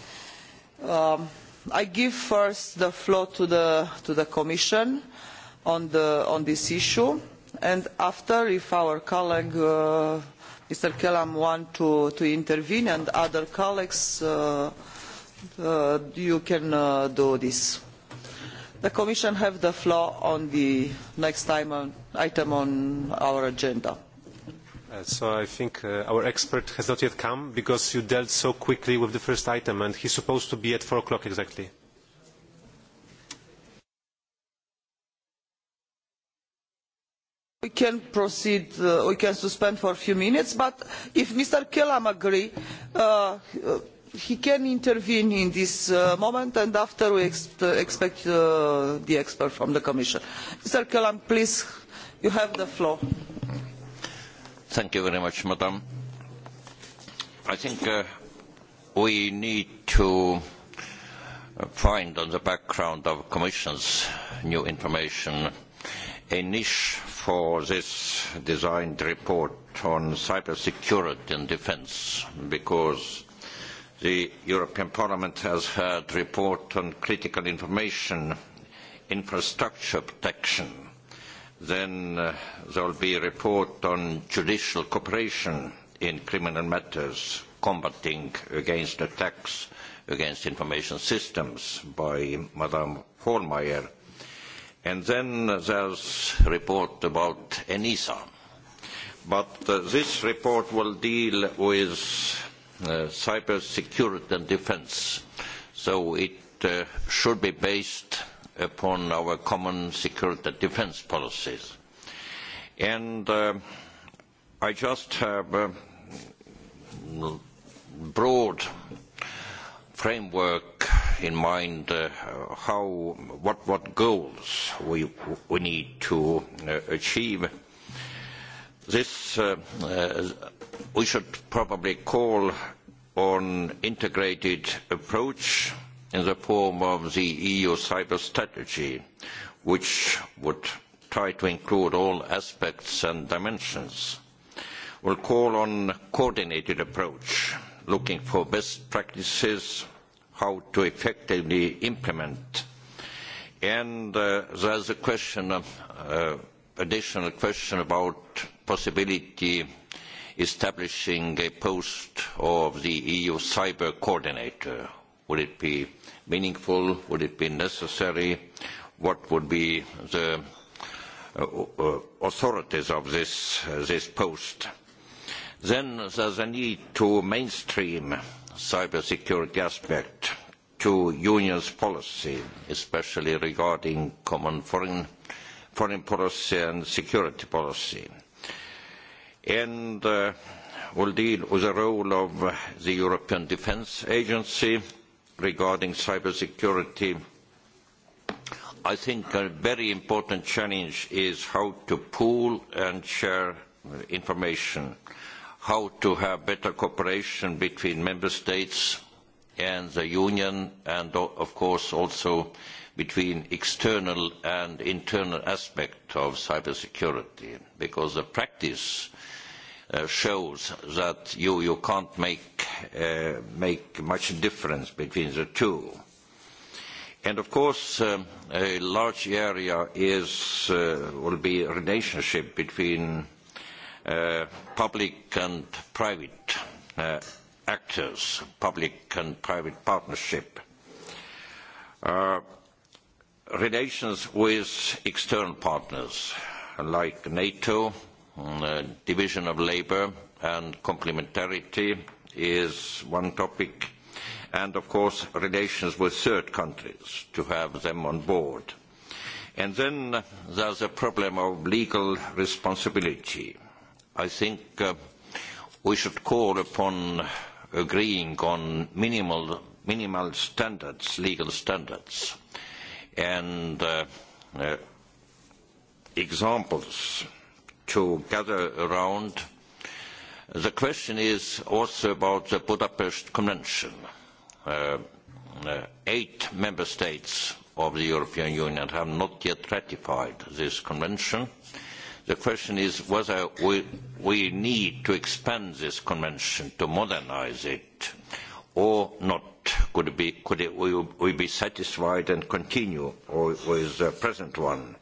Um, i give first the floor to the commission on this issue and after if our colleague mr kelam wants to intervene and other colleagues you can do this. the commission has the floor on the next item on our agenda. Uh, so i think uh, our expert has not yet come because you dealt so quickly with the first item and he's supposed to be at four o'clock exactly We can proceed, uh, we can suspend for a few minutes, but if Mr. Kelam agrees, uh, uh, he can intervene in this uh, moment and after we ex uh, expect uh, the expert from the Commission. Mr. Kelam, please, you have the floor. Thank you very much, madam. I think uh, we need to uh, find on the background of Commission's new information a niche for this designed report on cybersecurity and defense because the European Parliament has heard report on critical information infrastructure protection Then uh, there will be a report on judicial cooperation in criminal matters, combating against attacks against information systems by Madame Hohlmeier. And then uh, there's a report about ENISA. But uh, this report will deal with uh, cyber security and defense. So it uh, should be based upon our common security defense policies. And uh, I just have a broad framework in mind uh, how, what, what goals we, we need to uh, achieve. This uh, uh, we should probably call on integrated approach in the form of the EU cyber strategy, which would try to include all aspects and dimensions, will call on a coordinated approach, looking for best practices, how to effectively implement. And uh, there's a question, of, uh, additional question about possibility establishing a post of the EU cyber coordinator would it be meaningful? Would it be necessary? What would be the uh, uh, authorities of this, uh, this post? Then there's a need to mainstream cybersecurity aspect to Union's policy, especially regarding common foreign, foreign policy and security policy. And uh, we'll deal with the role of the European Defense Agency regarding cybersecurity. I think a very important challenge is how to pool and share information, how to have better cooperation between member states and the union, and of course also between external and internal aspects of cybersecurity, because the practice Uh, shows that you, you can't make, uh, make much difference between the two. And of course, um, a large area is, uh, will be a relationship between uh, public and private uh, actors, public and private partnership. Uh, relations with external partners like NATO, Uh, division of labor and complementarity is one topic, and of course relations with third countries to have them on board. And then there's a problem of legal responsibility. I think uh, we should call upon agreeing on minimal, minimal standards, legal standards, and uh, uh, examples to gather around. The question is also about the Budapest Convention. Uh, uh, eight member states of the European Union have not yet ratified this convention. The question is whether we, we need to expand this convention to modernize it or not. Could, it be, could it, we, we be satisfied and continue with the present one?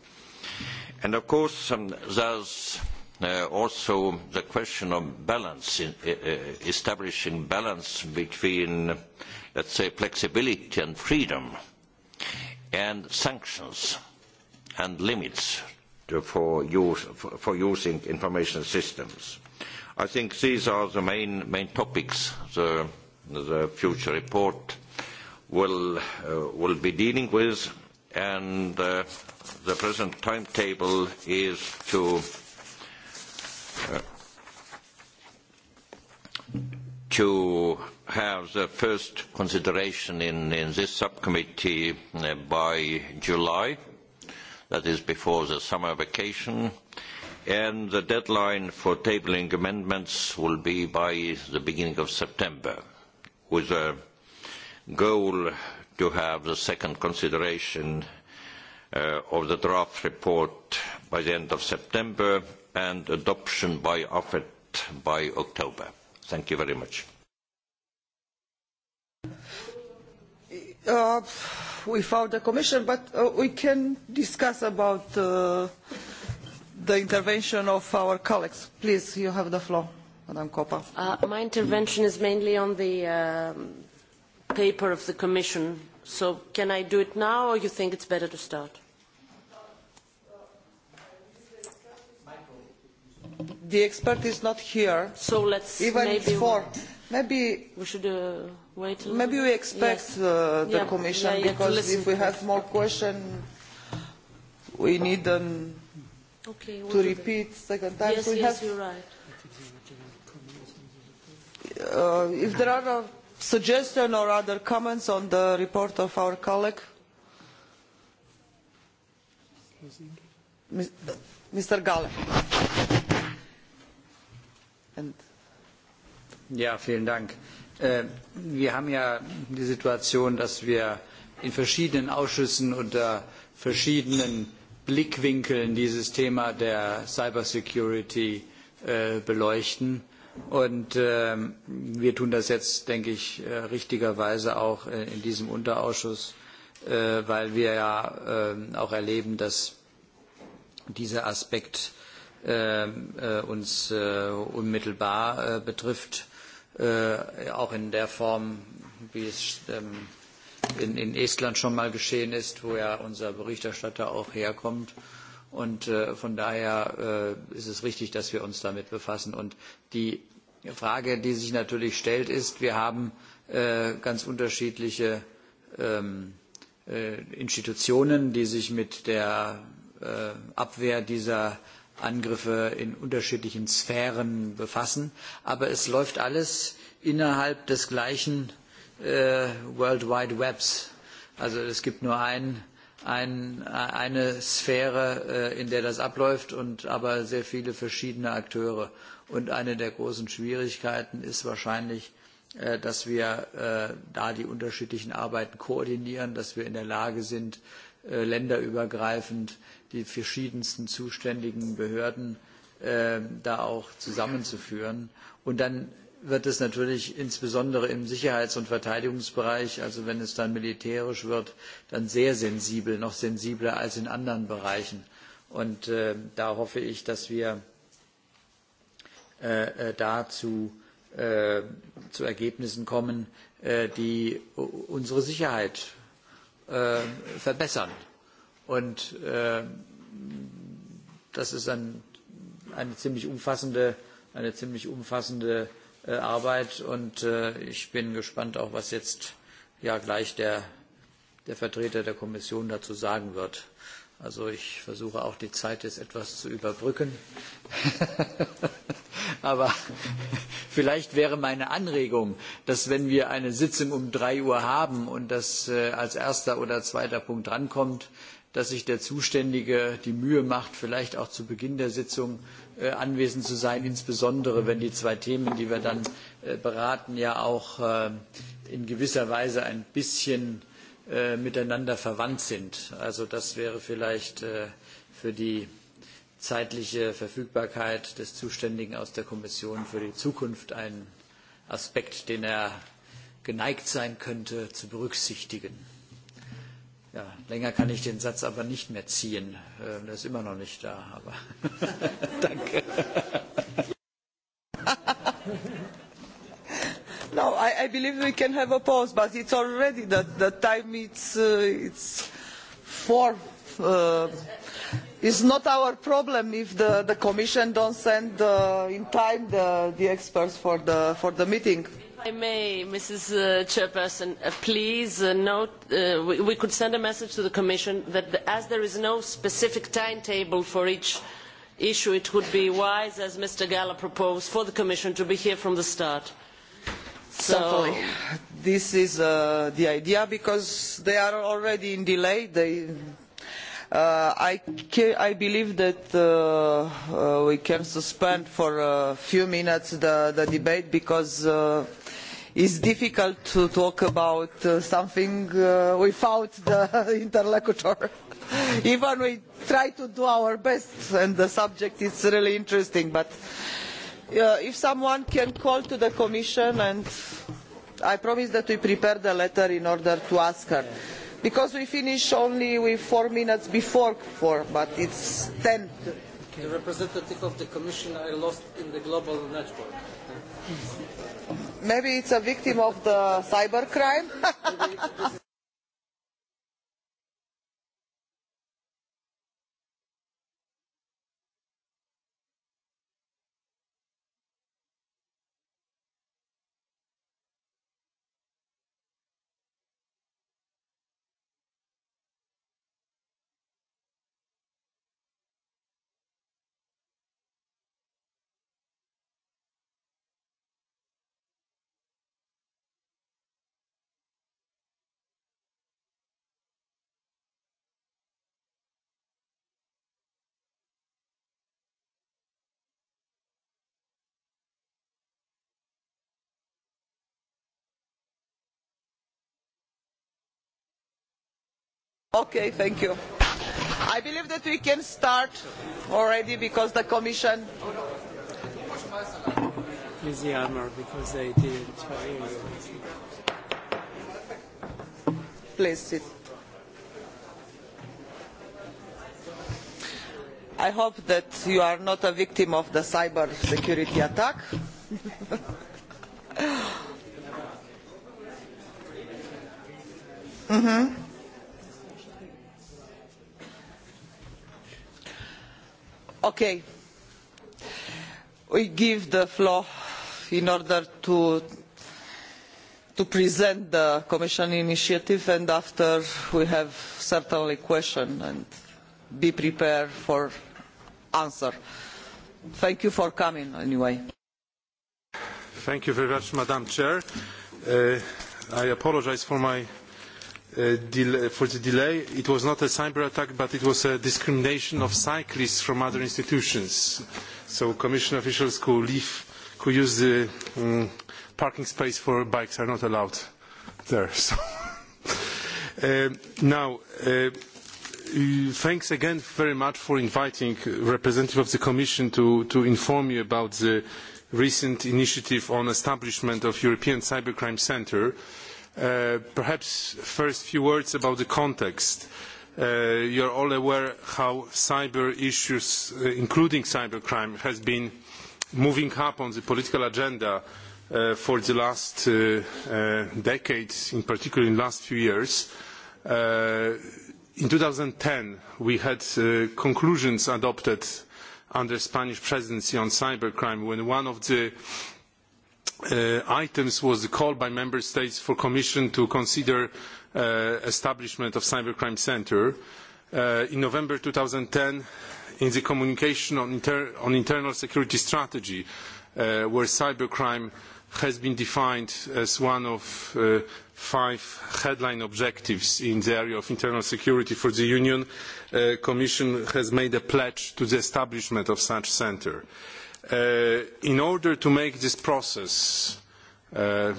of course um, there's uh, also the question of balance in, uh, uh, establishing balance between let's say flexibility and freedom and sanctions and limits to, for use for, for using information systems i think these are the main main topics the the future report will uh, will be dealing with and uh, the present timetable is uh, to have the first consideration in this subcommittee uh, by July, that is before the summer vacation, and the deadline for tabling amendments will be by the beginning of September, with a goal to have the second consideration Uh, of the draft report by the end of September and adoption by AFET by October. Thank you very much. Uh, without the commission, but uh, we can discuss about the intervention of our colleagues. Please, you have the floor, Madame Coppa. My intervention is mainly on the um, paper of the commission So can I do it now, or you think it's better to start? The expert is not here. So let's Even maybe, before, maybe we should uh, wait a little Maybe we expect yes. uh, the yeah, Commission, yeah, because yeah, if we have that. more questions, we need um, okay, to repeat the second time. Yes, so we yes have, you're right. Uh, if there are... Uh, suggestion or other comments on the report of our colleague? Mr. Gale. And ja, vielen Dank. Äh, wir haben ja die Situation, dass wir in verschiedenen Ausschüssen unter verschiedenen Blickwinkeln dieses Thema der Cybersecurity äh, beleuchten. Und ähm, wir tun das jetzt, denke ich, äh, richtigerweise auch äh, in diesem Unterausschuss, äh, weil wir ja äh, auch erleben, dass dieser Aspekt ähm, äh, uns äh, unmittelbar äh, betrifft, äh, auch in der Form, wie es ähm, in, in Estland schon mal geschehen ist, wo ja unser Berichterstatter auch herkommt. Und äh, von daher äh, ist es richtig, dass wir uns damit befassen. Und die Frage, die sich natürlich stellt, ist, wir haben äh, ganz unterschiedliche ähm, äh, Institutionen, die sich mit der äh, Abwehr dieser Angriffe in unterschiedlichen Sphären befassen. Aber es läuft alles innerhalb des gleichen äh, World Wide Webs. Also es gibt nur ein, ein, eine Sphäre, äh, in der das abläuft, und aber sehr viele verschiedene Akteure. Und eine der großen Schwierigkeiten ist wahrscheinlich, äh, dass wir äh, da die unterschiedlichen Arbeiten koordinieren, dass wir in der Lage sind, äh, länderübergreifend die verschiedensten zuständigen Behörden da auch zusammenzuführen. Und dann wird es natürlich insbesondere im Sicherheits- und Verteidigungsbereich, also wenn es dann militärisch wird, dann sehr sensibel, noch sensibler als in anderen Bereichen. Und äh, da hoffe ich, dass wir Äh, äh, dazu äh, zu Ergebnissen kommen, äh, die unsere Sicherheit äh, verbessern. Und äh, das ist ein, eine ziemlich umfassende, eine ziemlich umfassende äh, Arbeit. Und äh, ich bin gespannt, auch was jetzt ja gleich der, der Vertreter der Kommission dazu sagen wird. Also ich versuche auch die Zeit jetzt etwas zu überbrücken. *laughs* Aber *laughs* vielleicht wäre meine Anregung, dass wenn wir eine Sitzung um drei Uhr haben und das äh, als erster oder zweiter Punkt drankommt, dass sich der Zuständige die Mühe macht, vielleicht auch zu Beginn der Sitzung äh, anwesend zu sein, insbesondere wenn die zwei Themen, die wir dann äh, beraten, ja auch in gewisser Weise ein bisschen äh, Äh, miteinander verwandt sind. Also das wäre vielleicht äh, für die zeitliche Verfügbarkeit des Zuständigen aus der Kommission für die Zukunft ein Aspekt, den er geneigt sein könnte, zu berücksichtigen. Ja, länger kann ich den Satz aber nicht mehr ziehen. Äh, der ist immer noch nicht da, aber *laughs* danke. *laughs* No, i believe we can have a pause but it is already the time is uh, four uh, it is not our problem if the commission does not send uh, in time the experts for the meeting. if i may ms chairperson please note we could send a message to the commission that as there is no specific timetable for each issue it would be wise as mr gahler proposed for the commission to be here from the start. So this is uh, the idea because they are already in delay. They, uh, I, ca- I believe that uh, uh, we can suspend for a few minutes the, the debate because uh, it's difficult to talk about uh, something uh, without the *laughs* interlocutor. *laughs* Even we try to do our best and the subject is really interesting. But, uh, Uh, if someone can call the commission and i promise that we will prepare the letter in order to ask her because we finish only with four minutes before four but it is ten the representative of the commission i lost in the global network maybe it's a victim of the cyber crime *laughs* okay thank you i believe that we can start already because the commission Ms. Yarmor, because they didn't hear you. Please sit. I hope that you are not a victim of the cyber security attack. *laughs* mm -hmm. okay we give the floor in order to to present the commission initiative and after we have certainly question and be prepared for answer thank you for coming anyway thank you very much madam chair uh, i apologize for my Uh, for the delay. it was not a cyber attack but it was a discrimination of cyclists from other institutions so commission officials who leave who use the um, parking space for bikes are not allowed there *laughs* so uh, now uh, thanks again very much for inviting representative of the commission to to inform you about the recent initiative on establishment of european cybercrime center uh, Uh, perhaps first a few words about the context. Uh, you are all aware how cyber issues uh, including cyber crime have been moving up on the political agenda uh, for the last uh, uh, decades, in particular in the last few years. Uh, in 2010, we had uh, conclusions adopted under Spanish presidency on cybercrime when one of the uh, Uh, items was the call by member states for commission to consider uh, establishment of cybercrime center uh, in november 2010 in the communication on, inter on internal security strategy uh, where cybercrime has been defined as one of uh, five headline objectives in the area of internal security for the union uh, commission has made a pledge to the establishment of such center uh, Uh, in order to make this process, uh,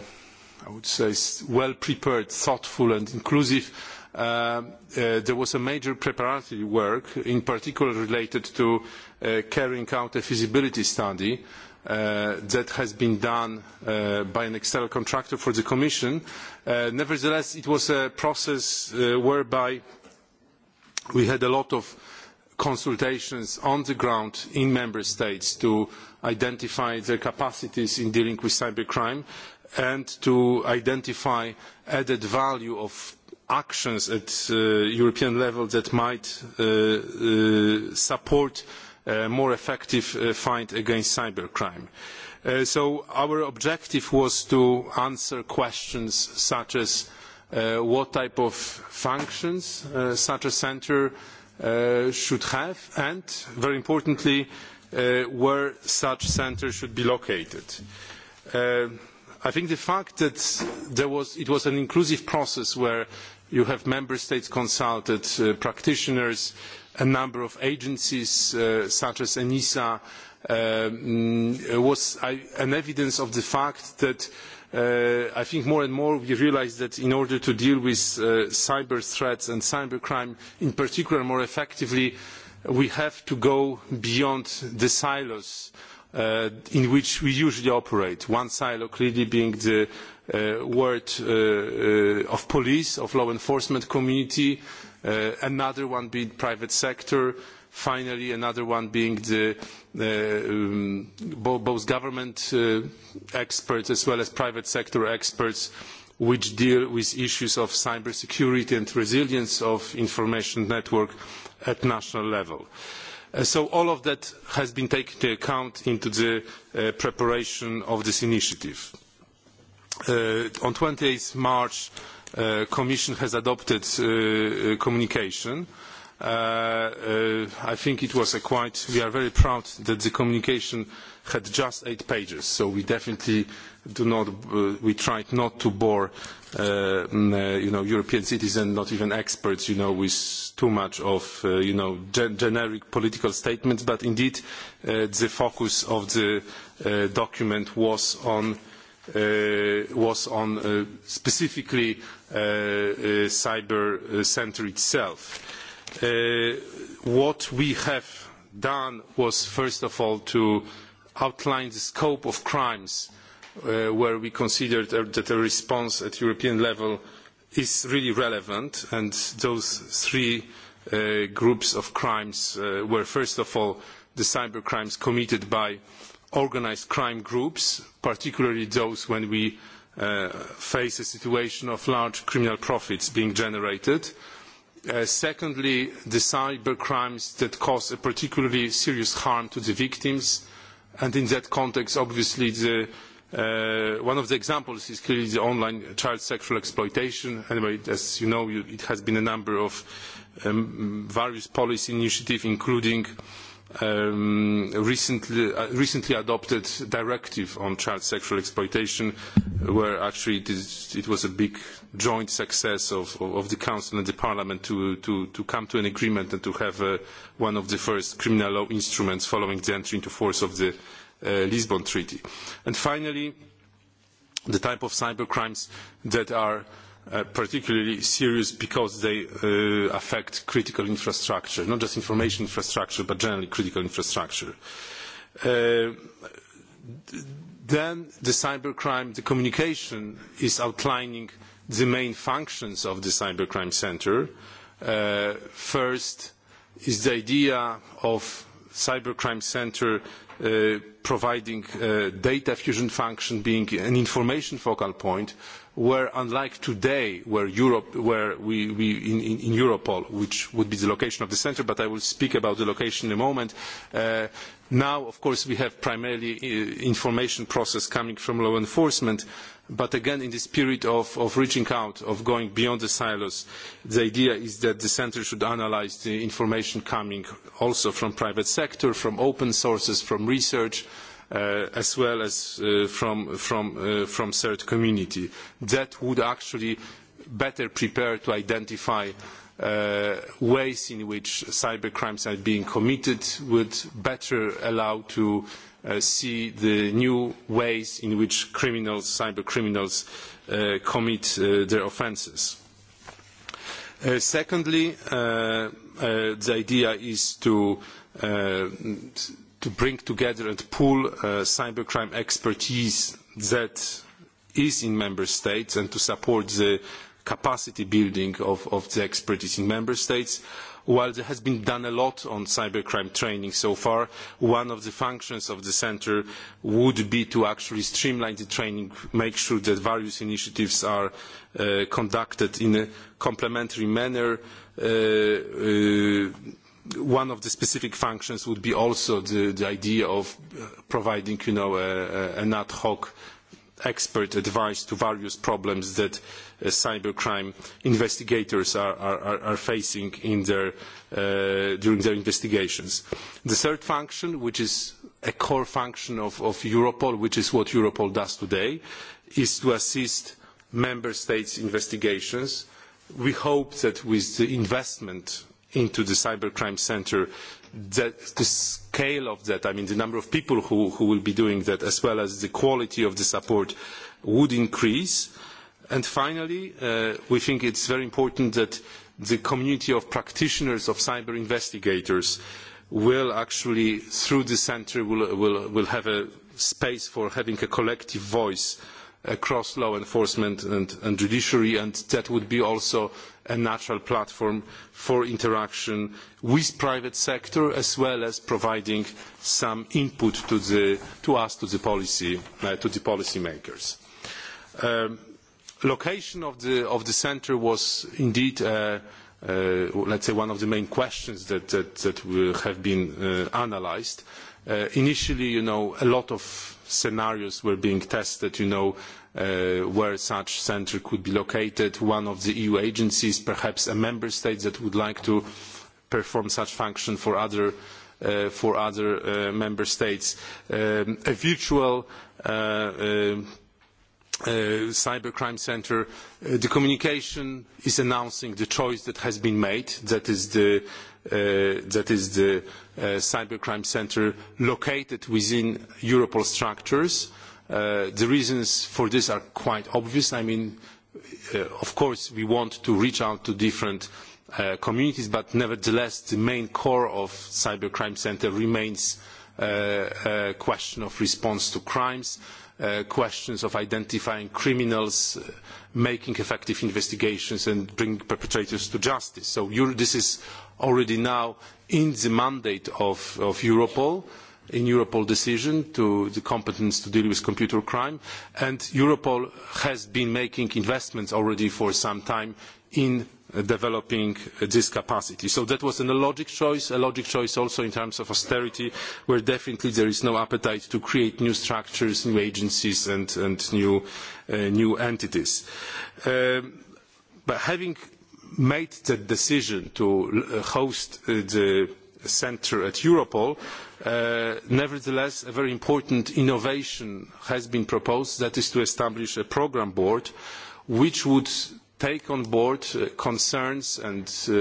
I would say, well prepared, thoughtful, and inclusive, uh, uh, there was a major preparatory work, in particular related to uh, carrying out a feasibility study uh, that has been done uh, by an external contractor for the Commission. Uh, nevertheless, it was a process uh, whereby we had a lot of uh, consultations on the ground in member states to identify their capacities in dealing with cybercrime and to identify added value of actions at uh, European level that might uh, uh, support a uh, more effective uh, fight against cybercrime. Uh, so our objective was to answer questions such as uh, what type of functions uh, such a centre uh, Uh, should have and very importantly uh, where such centre should be located. Uh, I think the fact that there was, it was an inclusive process where you have member states consulted, uh, practitioners, uh, a number of agencies uh, such as enisa um, uh, was evidence of the fact that uh, i think more and more we realise that in order to deal with cyber threats and cyber crime in particular more effectively we have to go beyond the silos uh, in which we usually operate, one silo clearly being the uh, word uh, uh, of police, of law enforcement community, uh, Uh, another one being private sector. Finally, another one being the uh, um, both government uh, experts as well as private sector experts, which deal with issues of cybersecurity and resilience of information network at national level. All of that has been taken into account into the preparation of this initiative. On 28th March, Uh, Commission has adopted uh, uh, communication. Uh, uh, I think it was a quite, we are very proud that the communication had just eight pages, so we definitely do not, uh, we tried not to bore, uh, mm, uh you know, European citizens, not even experts, you know, with too much of, uh, you know, ge generic political statements, but indeed uh, the focus of the uh, document was on uh, Uh, was on uh, specifically uh, cyber center itself. What we have done was, first of all, to outline the scope of crimes where we considered that a response at European level is really relevant, and those three groups of crimes were, first of all, the cybercrimes committed by organised crime groups, particularly those when we uh, face a situation of large criminal profits being generated. Uh, secondly, the cyber crimes that cause a particularly serious harm to the victims. And in that context, obviously, the, uh, one of the examples is clearly the online child sexual exploitation. Anyway, as you know, you, it has been a number of um, various policy initiatives, including uh, um, recently, uh, recently adopted directive on child sexual exploitation, where actually it, is, it was a big joint success of, of, of the Council and the Parliament to, to, to come to an agreement and to have uh, one of the first criminal law instruments following the entry into force of the uh, Lisbon Treaty. And finally, the type of cybercrimes that are uh, Uh, particularly serious because they uh, affect critical infrastructure, not just information infrastructure, but generally critical infrastructure. Uh, then the cybercrime, the communication is outlining the main functions of the cybercrime center. Uh, first is the idea of cybercrime center Uh, providing uh, data fusion function being an information focal point where unlike today where Europe where we, we in, in, in Europol which would be the location of the center but I will speak about the location in a moment uh, now of course we have primarily uh, information process coming from law enforcement uh, but again in the spirit of, of reaching out, of going beyond the silos, the idea is that the center should analyze the information coming also from private sector, from open sources, from research, uh, as well as uh, from, from, uh, from third community. That would actually better prepare to identify uh, ways in which cybercrimes are being committed would better allow to uh, Uh, see the new ways in which criminals, cyber criminals, uh, commit uh, their offences. Uh, secondly, uh, uh, the idea is to, uh, to bring together and pool uh, cybercrime expertise that is in member states and to support the capacity building of, of the expertise in member states. Uh, While there has been done a lot on cybercrime training so far, one of the functions of the centre would be to actually streamline the training, make sure that various initiatives are uh, conducted in a complementary manner. Uh, uh, one of the specific functions would be also the, the idea of uh, providing you know, a, a, an ad hoc expert advice to various problems that uh, Uh, cybercrime investigators are, are, are facing in their, uh, during their investigations. The third function, which is a core function of, of Europol, which is what Europol does today, is to assist member states' investigations. We hope that with the investment into the cybercrime center, that the scale of that, I mean the number of people who, who will be doing that, as well as the quality of the support would increase. Uh, finally uh, we think it is very important that the community of practitioners of cyber investigators will actually through the centre will, will, will have a space for having a collective voice across law enforcement and, and judiciary and that would be also a natural platform for interaction with private sector as well as providing some input to, the, to us, to the policy, uh, to the policy makers. Um, location of the of the center was indeed uh, uh, let's say one of the main questions that that, that have been uh, analyzed uh, initially you know a lot of scenarios were being tested you know uh, where such center could be located one of the EU agencies perhaps a member state that would like to perform such function for other uh, for other uh, member states um, a virtual uh, uh, Uh, cybercrime centre. Uh, the communication is announcing the choice that has been made, that is the, uh, that is the uh, cybercrime centre located within Europol structures. Uh, the reasons for this are quite obvious. I mean, uh, of course, we want to reach out to different uh, communities, but nevertheless, the main core of cybercrime center remains uh, a question of response to crimes. Uh, Uh, questions of identifying criminals, uh, making effective investigations and bringing perpetrators to justice. So you're, this is already now in the mandate of, of Europol, in Europol decision to the competence to deal with computer crime. And Europol has been making investments already for some time in developing this capacity. So that was a logic choice, a logic choice also in terms of austerity, where definitely there is no appetite to create new structures, new agencies, and, and new, uh, new entities. Um, but having made the decision to uh, host uh, the center at Europol, uh, nevertheless, a very important innovation has been proposed, that is to establish a program board which would take on board uh, concerns and uh,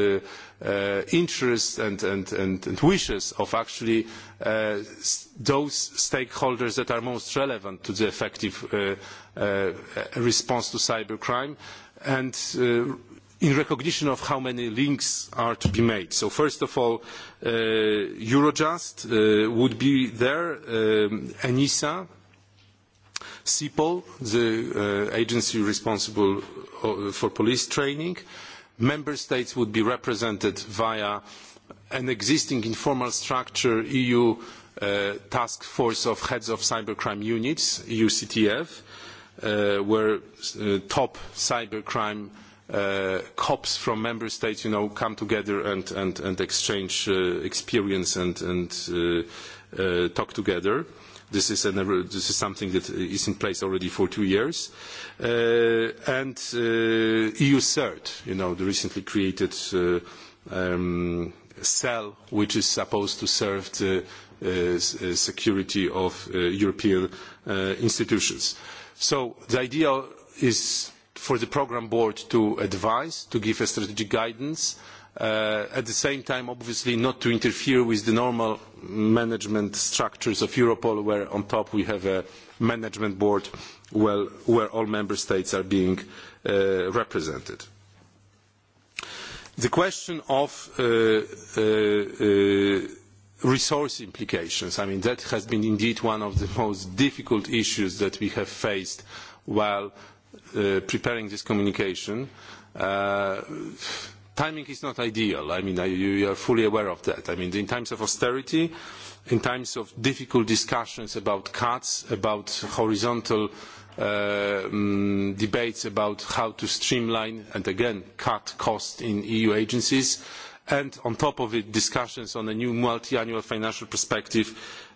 uh, interests and, and, and, and wishes of actually uh, those stakeholders that are most relevant to the effective uh, uh, response to cybercrime and uh, in recognition of how many links are to be made. So first of all, uh, Eurojust uh, would be there, um, ENISA, CIPOL, the uh, agency responsible for police training. Member states would be represented via an existing informal structure EU uh, task force of heads of cybercrime units, EUCTF, uh, where uh, top cybercrime uh, cops from member states, you know, come together and, and, and exchange uh, experience and, and uh, uh, talk together. This is something that is in place already for two years. Uh, uh, EU CERT, the recently created uh, um, cell, which is supposed to serve the security of European institutions. The idea is for the program board to advise, to give a strategic guidance, uh, at the same time obviously not to interfere with the normal management structures of Europol where on top we have a management board well, where all member states are being uh, represented. The question of uh, uh, uh, resource implications, I mean that has been indeed one of the most difficult issues that we have faced while uh, preparing this communication. Uh, timing is not ideal. I mean, you are fully aware of that. I mean, in times of austerity, in times of difficult discussions about cuts, about horizontal uh, mm, debates about how to streamline and again, cut costs in EU agencies, and on top of it, discussions on a new multi-annual financial perspective,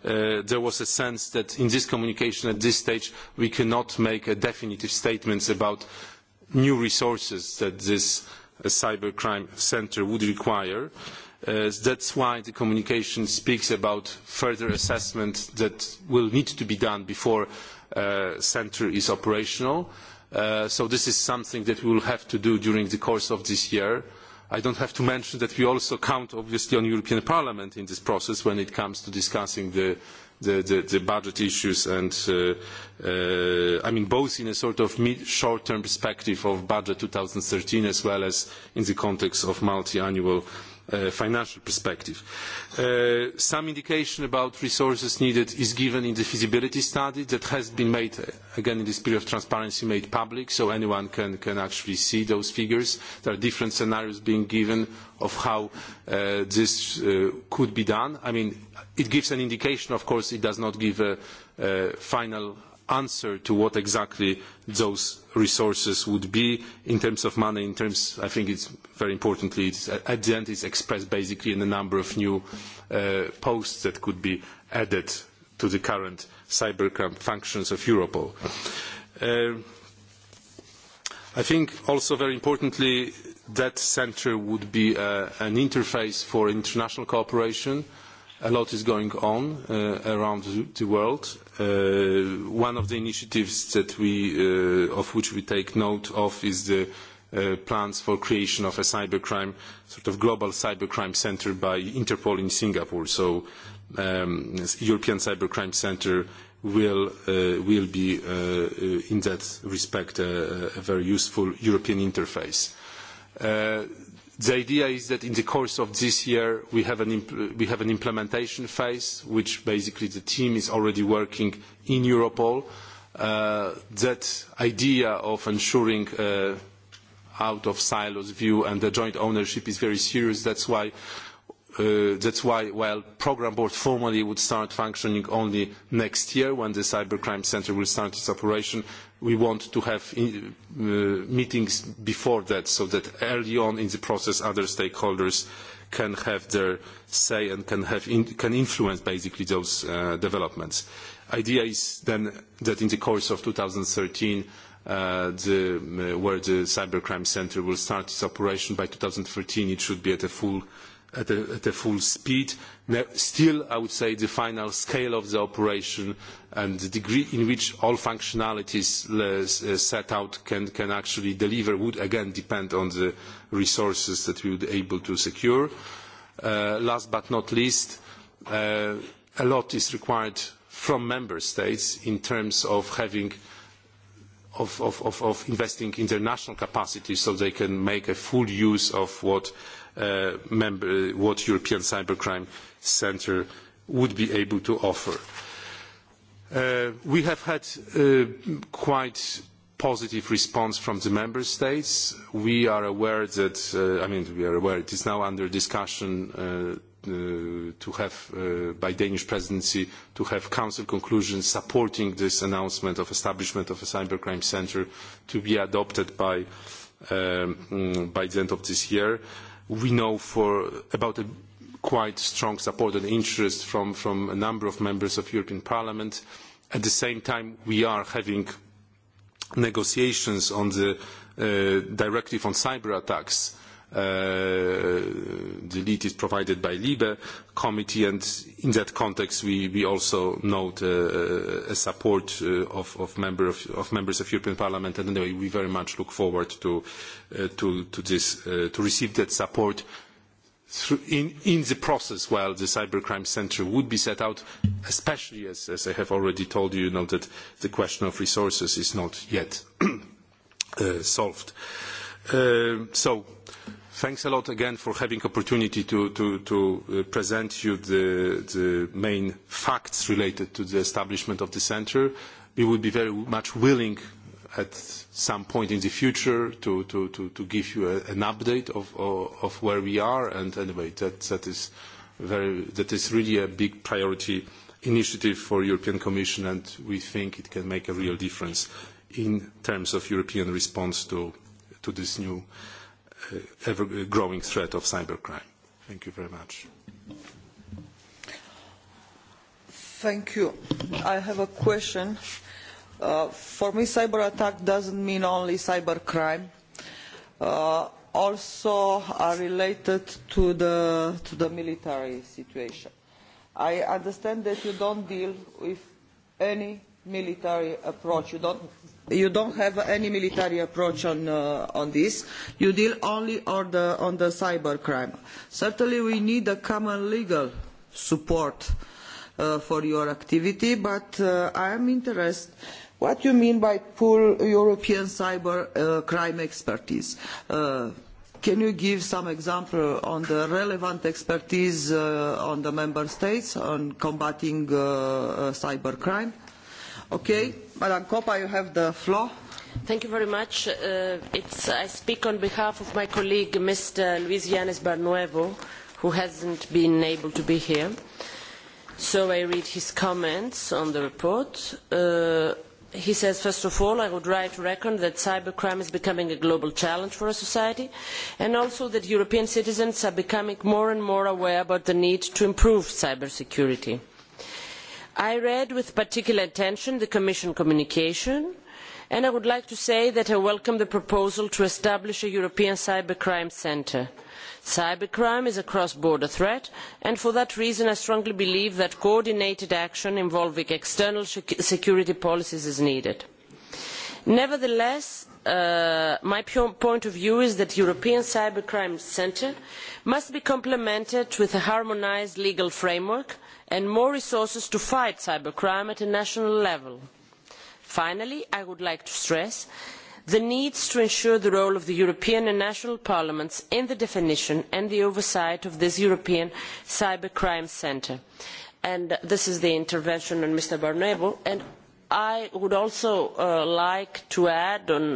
uh, there was a sense that in this communication at this stage, we cannot make definitive statements about new resources that this a cybercrime centre would require. Uh, that's why the communication speaks about further assessment that will need to be done before the uh, centre is operational. Uh, so this is something that we will have to do during the course of this year. I don't have to mention that we also count obviously on European Parliament in this process when it comes to discussing the uh, the budget issues and uh, uh, I mean, both in a sort of mid, short-term perspective of budget 2013, as well as in the context of multi-annual Uh, financial perspective. Uh, some indication about resources needed is given in the feasibility study that has been made, uh, again, in the spirit of transparency, made public, so anyone can actually see those figures. There are different scenarios being given of how this could be done. I mean, it gives an indication. Of course, it does not give a final answer to what exactly those resources would be in terms of money, in terms, I think it's very importantly, it's, uh, at the end it's expressed basically in the number of new uh, posts that could be added to the current cybercrime functions of Europol. Uh, I think also very importantly that centre would be uh, an interface for international cooperation uh, a lot is going on uh, around the world. Uh, one of the initiatives that we, uh, of which we take note of is the uh, plans for creation of a cybercrime, sort of global cybercrime center by Interpol in Singapore. So um, European Cybercrime Center will, uh, will be, uh, uh in that respect, a, a very useful European interface. Uh, idea is that in the course of this year, we have an implementation phase, which basically the team is already working in Europol. Uh, that idea of ensuring uh, out of silos view and the joint ownership is very serious. That's why uh, that's why, while well, program board formally would start functioning only next year when the cybercrime center will start its operation, we want to have in, uh, meetings before that so that early on in the process other stakeholders can have their say and can, have in, can influence basically those uh, developments. idea is then that in the course of 2013, uh, the, uh, where the cybercrime center will start its operation by 2013, it should be at a full uh, at a full speed, still, I would say, the final scale of the operation and the degree in which all functionalities uh, uh, set out can, can actually deliver would, again, depend on the resources that we would be able to secure. Uh, last but not least, uh, a lot is required from member states in terms of having of, of, of investing in their national capacity so they can make a full use of what Uh, member, uh, what European Cybercrime Centre would be able to offer. Uh, we have had quite positive response from the member states. We are aware that, I mean, we are aware it is now under discussion to have by Danish presidency to have council conclusions supporting this announcement of establishment of a cybercrime center to be adopted by um, the end of this year we know for about a quite strong support and interest from, from a number of members of European Parliament. At the same time, we are having negotiations on the uh, directive on cyber attacks uh, the lead is provided by LIBE committee, and in that context, we, we also note uh, uh, a support uh, of, of, member of, of members of European Parliament, and anyway, we very much look forward to, uh, to, to, this, uh, to receive that support through in, in the process while the cybercrime centre would be set out, especially as, as I have already told you, you know, that the question of resources is not yet *clears throat* uh, solved. Uh, so, Thanks a lot again for having opportunity to uh, present you the main facts related to the establishment of the center. We would be very much willing at some point in the future to give you an update of where we are. Anyway, that is very. That is really a big priority initiative for European Commission, and we think it can make a real difference in terms of European response to this new Uh, ever-growing threat of cybercrime. Thank you very much. Thank you. I have a question. Uh, for me, cyber attack doesn't mean only cyber crime. Uh, also, are related to the to the military situation. I understand that you don't deal with any military approach. You don't you don't have any military approach on, uh, on this. You deal only on the, on the cybercrime. Certainly we need a common legal support uh, for your activity, but uh, I am interested what you mean by full European cybercrime uh, expertise. Uh, can you give some example on the relevant expertise uh, on the member states on combating uh, uh cybercrime? Uh, i speak on behalf of my colleague mr luis yanez barnuevo who has not been able to be here so i read his comments on the report. Uh, he says first of all i would like to reckon that cybercrime is becoming a global challenge for our society and also that european citizens are becoming more and more aware about the need to improve cybersecurity i read with particular attention the commission communication and i would like to say that i welcome the proposal to establish a european cybercrime centre. cybercrime is a cross border threat and for that reason i strongly believe that coordinated action involving external security policies is needed. nevertheless uh, my point of view is that the european cybercrime centre must be complemented with a harmonised legal framework and more resources to fight cybercrime at a national level. finally i would like to stress the need to ensure the role of the european and national parliaments in the definition and the oversight of this european cybercrime centre. this is the intervention of mr barnier and i would also uh, like to add on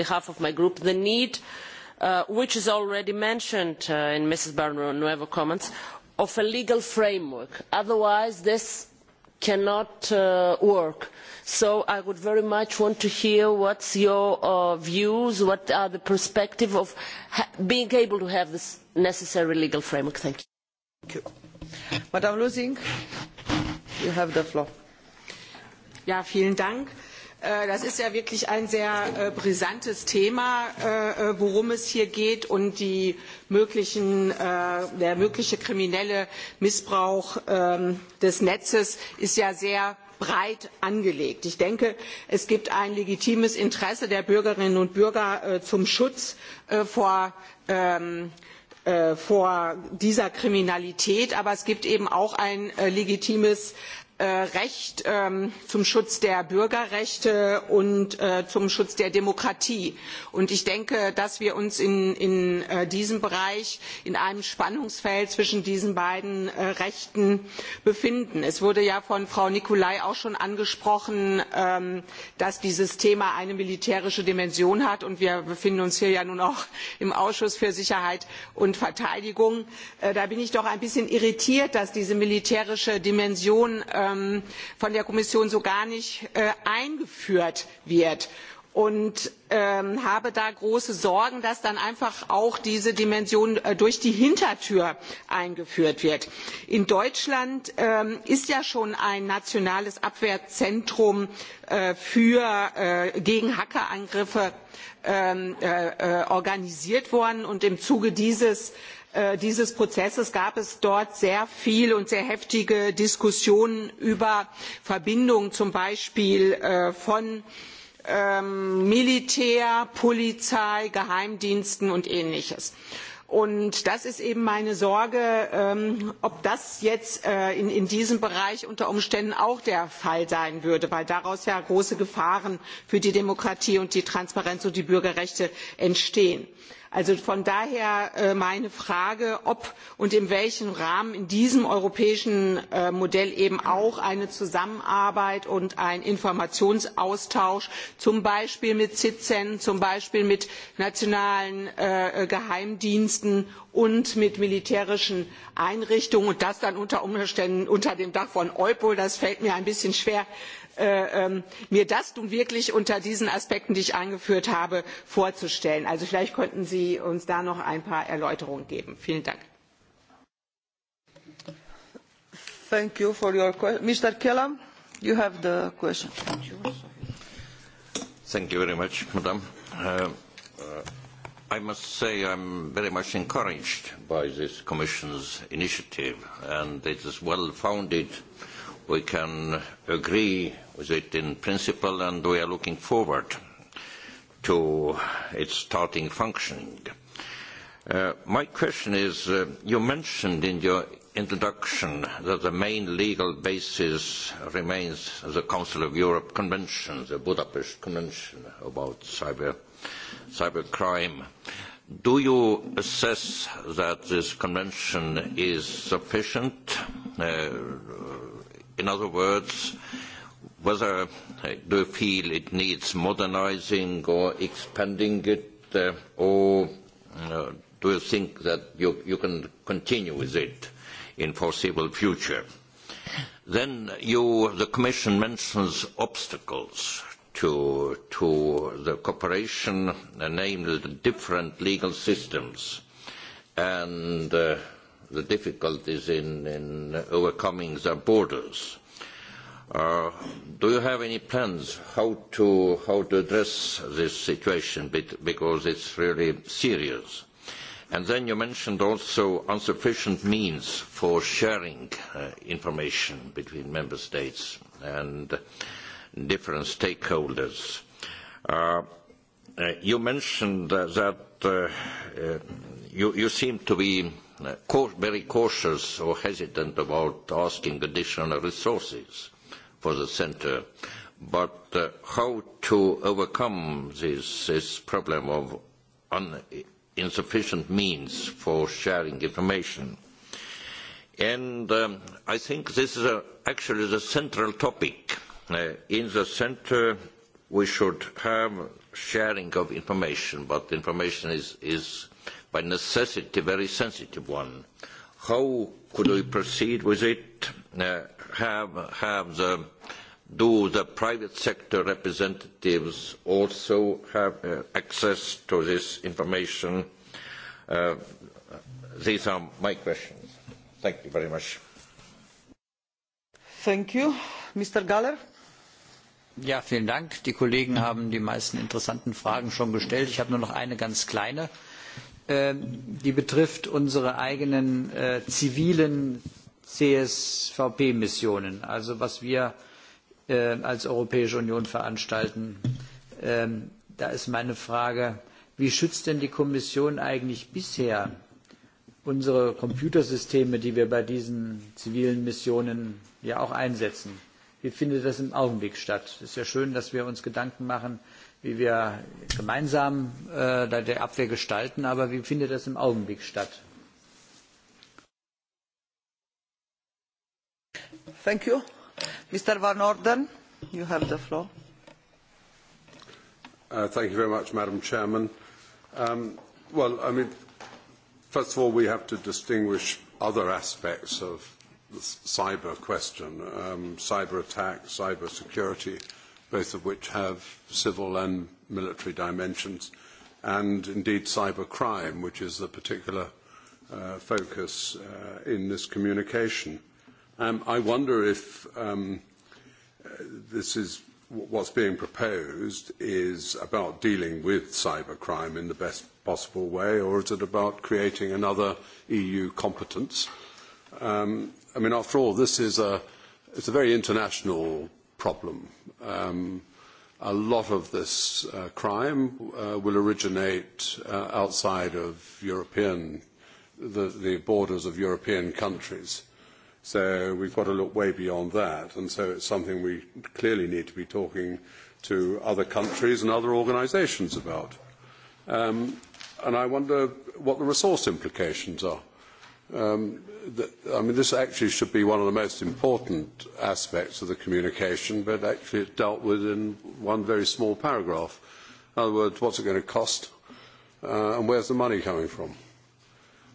behalf of my group the need uh, which is already mentioned uh, in mrs barnier's comments of a legal framework otherwise this cannot uh, work. so i would very much want to hear what are your uh, views what are the perspectives of being able to have this necessary legal framework. thank you. Äh, das ist ja wirklich ein sehr äh, brisantes Thema, äh, äh, worum es hier geht und die möglichen, äh, der mögliche kriminelle Missbrauch äh, des Netzes ist ja sehr breit angelegt. Ich denke, es gibt ein legitimes Interesse der Bürgerinnen und Bürger äh, zum Schutz äh, vor, ähm, äh, vor dieser Kriminalität, aber es gibt eben auch ein äh, legitimes äh, Äh, recht ähm, zum schutz der bürgerrechte und äh, zum schutz der demokratie. ich denke dass wir uns in äh, diesem bereich in einem spannungsfeld zwischen diesen beiden rechten befinden. es wurde ja von frau nicolai auch schon angesprochen ähm, dass dieses thema eine militärische dimension hat und wir befinden uns hier ja nun auch im ausschuss für sicherheit und verteidigung. da bin ich doch ein bisschen irritiert dass diese militärische dimension Ähm, von der kommission so gar nicht äh, eingeführt wird und ähm, habe da große sorgen dass dann einfach auch diese dimension äh, durch die hintertür eingeführt wird. in deutschland ähm, ist ja schon ein nationales abwehrzentrum äh, gegen hackerangriffe organisiert worden und im zuge dieses Äh, dieses prozesses gab es dort sehr viel und sehr heftige diskussionen über verbindungen zum beispiel äh, von ähm, militär polizei geheimdiensten und ähnlichem. das ist eben meine sorge ähm, ob das jetzt äh, in diesem bereich unter umständen auch der fall sein würde weil daraus ja große gefahren für die demokratie und die transparenz und die bürgerrechte entstehen von daher äh, meine frage ob und in welchem rahmen in diesem europäischen äh, modell eben auch eine zusammenarbeit und ein informationsaustausch zum beispiel mit cit zen zum beispiel mit nationalen äh, geheimdiensten und mit militärischen einrichtungen und das dann unter umständen unter dem dach von eupol. das fällt mir ein bisschen schwer äh, ähm, mir das nun wirklich unter diesen aspekten die ich angeführt habe vorzustellen. also vielleicht könnten sie uns da noch ein paar erläuterungen geben. vielen dank. I must say I'm very much encouraged by this Commission's initiative, and it is well founded. We can agree with it in principle, and we are looking forward to its starting functioning. Uh, my question is uh, you mentioned in your introduction that the main legal basis remains the Council of Europe Convention, the Budapest Convention about cyber cybercrime. Do you assess that this convention is sufficient? Uh, in other words, whether uh, do you feel it needs modernizing or expanding it, uh, or uh, do you think that you, you can continue with it in foreseeable future? Then you, the Commission mentions obstacles to to the cooperation, uh, namely the different legal systems, and uh, the difficulties in in overcoming the borders. Uh, do you have any plans how to how to address this situation? Because it's really serious. And then you mentioned also insufficient means for sharing uh, information between member states and. Uh, different stakeholders. Uh, uh you mentioned uh, that uh, uh, you, you seem to be very cautious or hesitant about asking additional resources for the centre, but uh, how to overcome this, this problem of un insufficient means for sharing information? And um, I think this is a, actually the central topic uh, in the center we should have sharing of information, but information is, is by necessity a very sensitive one. How could we proceed with it? Uh, have, have the, do the private sector representatives also have uh, access to this information? Uh, these are my questions. Thank you very much. Thank you. Mr. Galler? Ja, vielen dank. die kollegen haben die meisten interessanten fragen schon gestellt. ich habe nur noch eine ganz kleine ähm, die betrifft unsere eigenen äh, zivilen csvp missionen also was wir ähm, als europäische union veranstalten. Ähm, da ist meine frage wie schützt denn die kommission eigentlich bisher unsere computersysteme die wir bei diesen zivilen missionen ja auch einsetzen? Wie findet das im Augenblick statt? Es ist ja schön, dass wir uns Gedanken machen, wie wir gemeinsam äh, die Abwehr gestalten, aber wie findet das im Augenblick statt? Thank you. Mr. Van Orden, you have the floor. Uh, thank you very much, Madam Chairman. Um, well, I mean, first of all, we have to distinguish other aspects of cyber question, um, cyber attack, cyber security, both of which have civil and military dimensions, and indeed cyber crime, which is the particular uh, focus uh, in this communication. Um, I wonder if um, uh, this is what's being proposed is about dealing with cyber crime in the best possible way, or is it about creating another EU competence? Um, I mean, after all, this is a, it's a very international problem. Um, a lot of this uh, crime uh, will originate uh, outside of European, the, the borders of European countries. So we've got to look way beyond that. And so it's something we clearly need to be talking to other countries and other organizations about. Um, and I wonder what the resource implications are. Um, i mean this actually should be one of the most important aspects of the communication but actually it dealt with in one very small paragraph in other words what's it going to cost uh, and where's the money coming from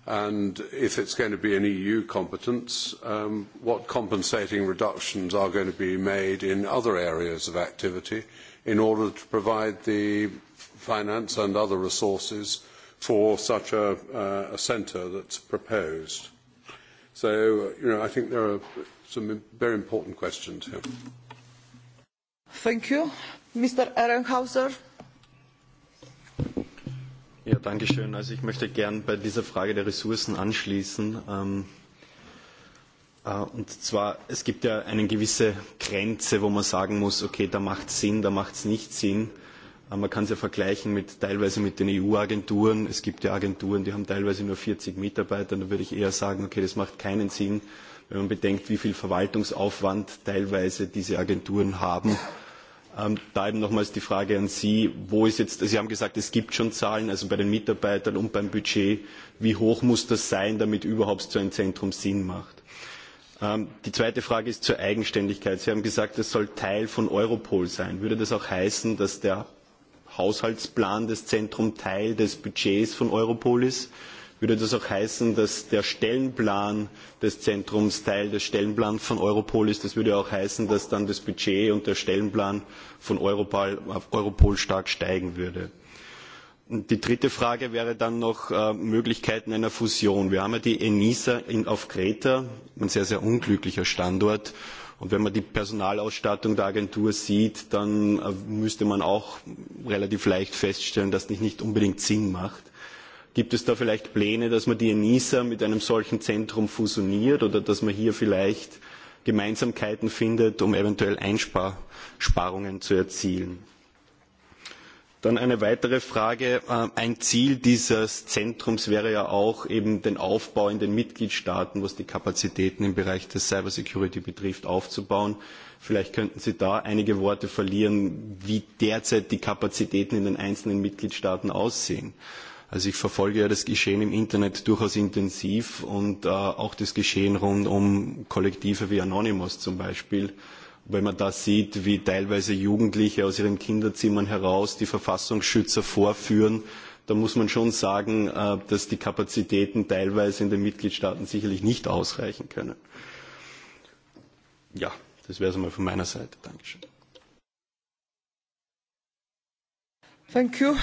and if it's going to be an EU competence, um, what compensating reductions are going to be made in other areas of activity in order to provide the finance and other resources uh, for such a, uh, a centre that's proposed. So, you know, I think there are some very important questions here. Thank you. Mr. Ehrenhauser. Ja, danke schön. Also ich möchte gern bei dieser Frage der Ressourcen anschließen. Ähm, äh, und zwar, es gibt ja eine gewisse Grenze, wo man sagen muss, okay, da macht es Sinn, da macht es nicht Sinn. Man kann es ja vergleichen mit teilweise mit den EU-Agenturen. Es gibt ja Agenturen, die haben teilweise nur 40 Mitarbeiter. Da würde ich eher sagen, okay, das macht keinen Sinn, wenn man bedenkt, wie viel Verwaltungsaufwand teilweise diese Agenturen haben. Ähm, da eben nochmals die Frage an Sie, wo ist jetzt, Sie haben gesagt, es gibt schon Zahlen, also bei den Mitarbeitern und beim Budget, wie hoch muss das sein, damit überhaupt so ein Zentrum Sinn macht? Ähm, die zweite Frage ist zur Eigenständigkeit. Sie haben gesagt, es soll Teil von Europol sein. Würde das auch heißen, dass der Haushaltsplan des Zentrum Teil des Budgets von Europolis? Würde das auch heißen, dass der Stellenplan des Zentrums Teil des Stellenplans von Europol ist? Das würde auch heißen, dass dann das Budget und der Stellenplan von Europol, Europol stark steigen würde die dritte frage wäre dann noch äh, möglichkeiten einer fusion. wir haben ja die enisa auf kreta ein sehr sehr unglücklicher standort und wenn man die personalausstattung der agentur sieht dann äh, müsste man auch relativ leicht feststellen dass das nicht unbedingt sinn macht. gibt es da vielleicht pläne dass man die enisa mit einem solchen zentrum fusioniert oder dass man hier vielleicht gemeinsamkeiten findet um eventuell einsparungen zu erzielen? dann eine weitere frage ähm, ein ziel dieses zentrums wäre ja auch den aufbau in den mitgliedstaaten was die kapazitäten im bereich der cyber security betrifft aufzubauen. vielleicht könnten sie da einige worte verlieren wie derzeit die kapazitäten in den einzelnen mitgliedstaaten aussehen. Also ich verfolge ja das Geschehen im Internet durchaus intensiv und äh, auch das Geschehen rund um Kollektive wie Anonymous zum Beispiel wenn man da sieht, wie teilweise Jugendliche aus ihren Kinderzimmern heraus die Verfassungsschützer vorführen, da muss man schon sagen, äh, dass die Kapazitäten teilweise in den Mitgliedstaaten sicherlich nicht ausreichen können. Ja, das wäre es einmal von meiner Seite. Dankeschön. Thank you.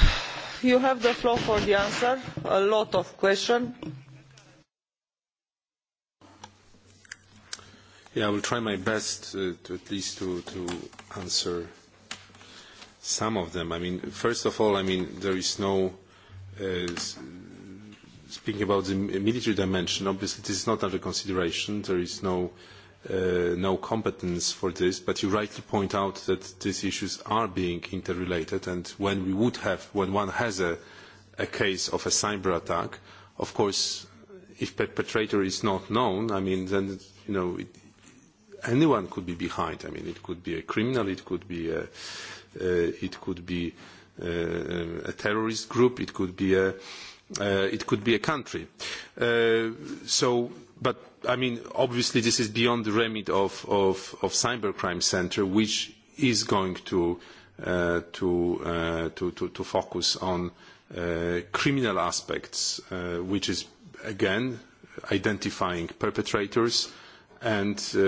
You have the floor for the answer. A lot of questions. Yeah, I will try my best to, uh, to at least to, to answer some of them. I mean, first of all, I mean, there is no, uh, speaking about the uh, military dimension, obviously this is not under consideration. There is no, uh, no competence for this, but you rightly point out that these issues are being interrelated and when we would have, when one has a, a case of a cyber attack, of course, if perpetrator is not known, I mean, then, you know, it, anyone could be behind. I mean, it could be a criminal, it could be a, uh, it could be uh, a terrorist group, it could be a, uh, it could be a country. Uh, so, but I mean, obviously, this is beyond the remit of of, of cybercrime centre, which is going to uh, to, uh, to to to focus on uh, criminal aspects, uh, which is again identifying perpetrators uh, and uh, uh,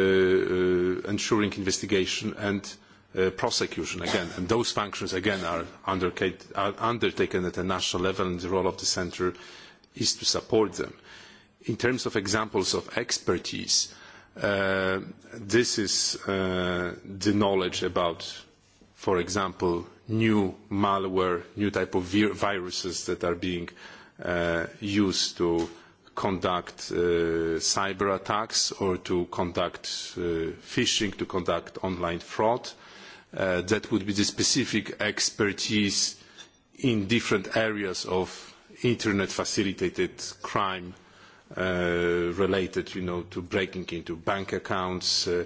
ensuring investigation and uh, prosecution again. And those functions again are, are undertaken at a national level and the role of the centre is to support them. In terms of examples of expertise, uh, this is uh, the knowledge about, for example, new malware, new type of vir viruses that are being uh, used to uh, conduct uh, cyber attacks or to conduct uh, phishing, to conduct online fraud. Uh, that would be the specific expertise in different areas of internet facilitated crime uh, related you know, to breaking into bank accounts, uh,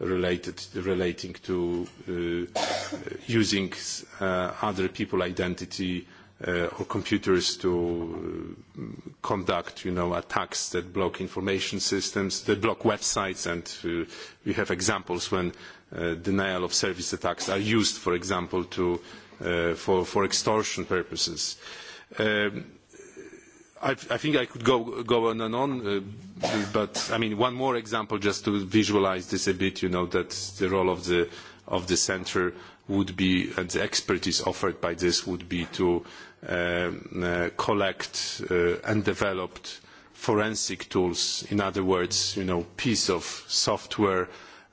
related, relating to uh, using uh, other people's identity uh, Uh, or computers to uh, conduct you know attacks that block information systems that block websites and uh, we have examples when uh, denial of service attacks are used for example to uh, for for extortion purposes um, I, I think I could go go on and on, uh, but I mean one more example just to visualise this a bit. You know that the role of the of the centre would be and the expertise offered by this would be to uh, Um, uh, collect uh, and developed forensic tools. In other words, you know, piece of software,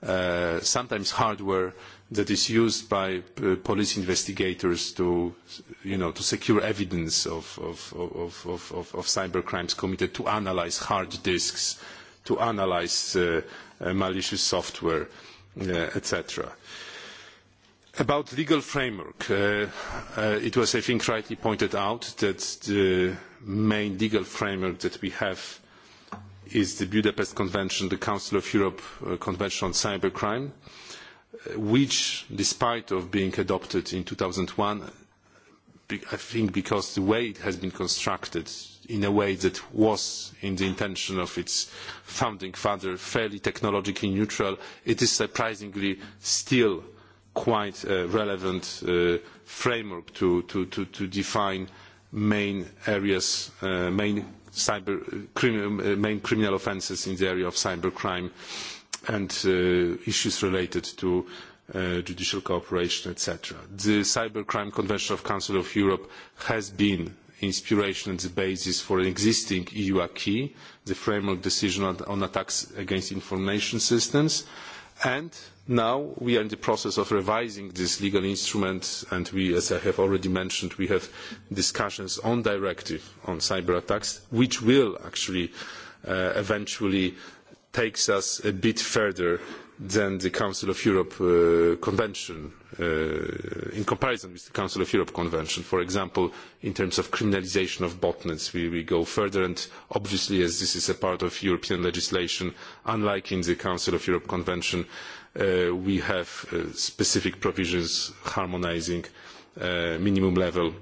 uh, sometimes hardware, that is used by uh, police investigators to, you know, to secure evidence of, of, of, of, of, of cyber crimes committed, to analyze hard disks, to analyze uh, uh, malicious software, uh, etc. Uh, about the legal framework uh, uh, it was rightly pointed out that the main legal framework that we have is the budapest convention the council of europe uh, convention on cybercrime which despite being adopted in two thousand and one i think because of the way it has been constructed in a way that was in the intention of its founding father fairly technologically neutral it is surprisingly still quite a relevant uh, framework to, to, to, to define main areas, uh, main, cyber, uh, crimin, uh, main criminal offences in the area of cybercrime and uh, issues related to uh, judicial cooperation, etc. The Cybercrime Convention of Council of Europe has been inspiration and the basis for an existing EU acquis, the framework decision on, on attacks against information systems, and Now we are in the process of revising this legal instrument and we, as I have already mentioned, we have discussions on directive on cyber attacks, which will actually uh, eventually take us a bit further than the Council of Europe uh, Convention, uh, in comparison with the Council of Europe Convention. For example, in terms of criminalization of botnets, we, we go further and obviously as this is a part of European legislation, unlike in the Council of Europe Convention, uh, Uh, we have uh, specific provisions harmonizing uh, minimum level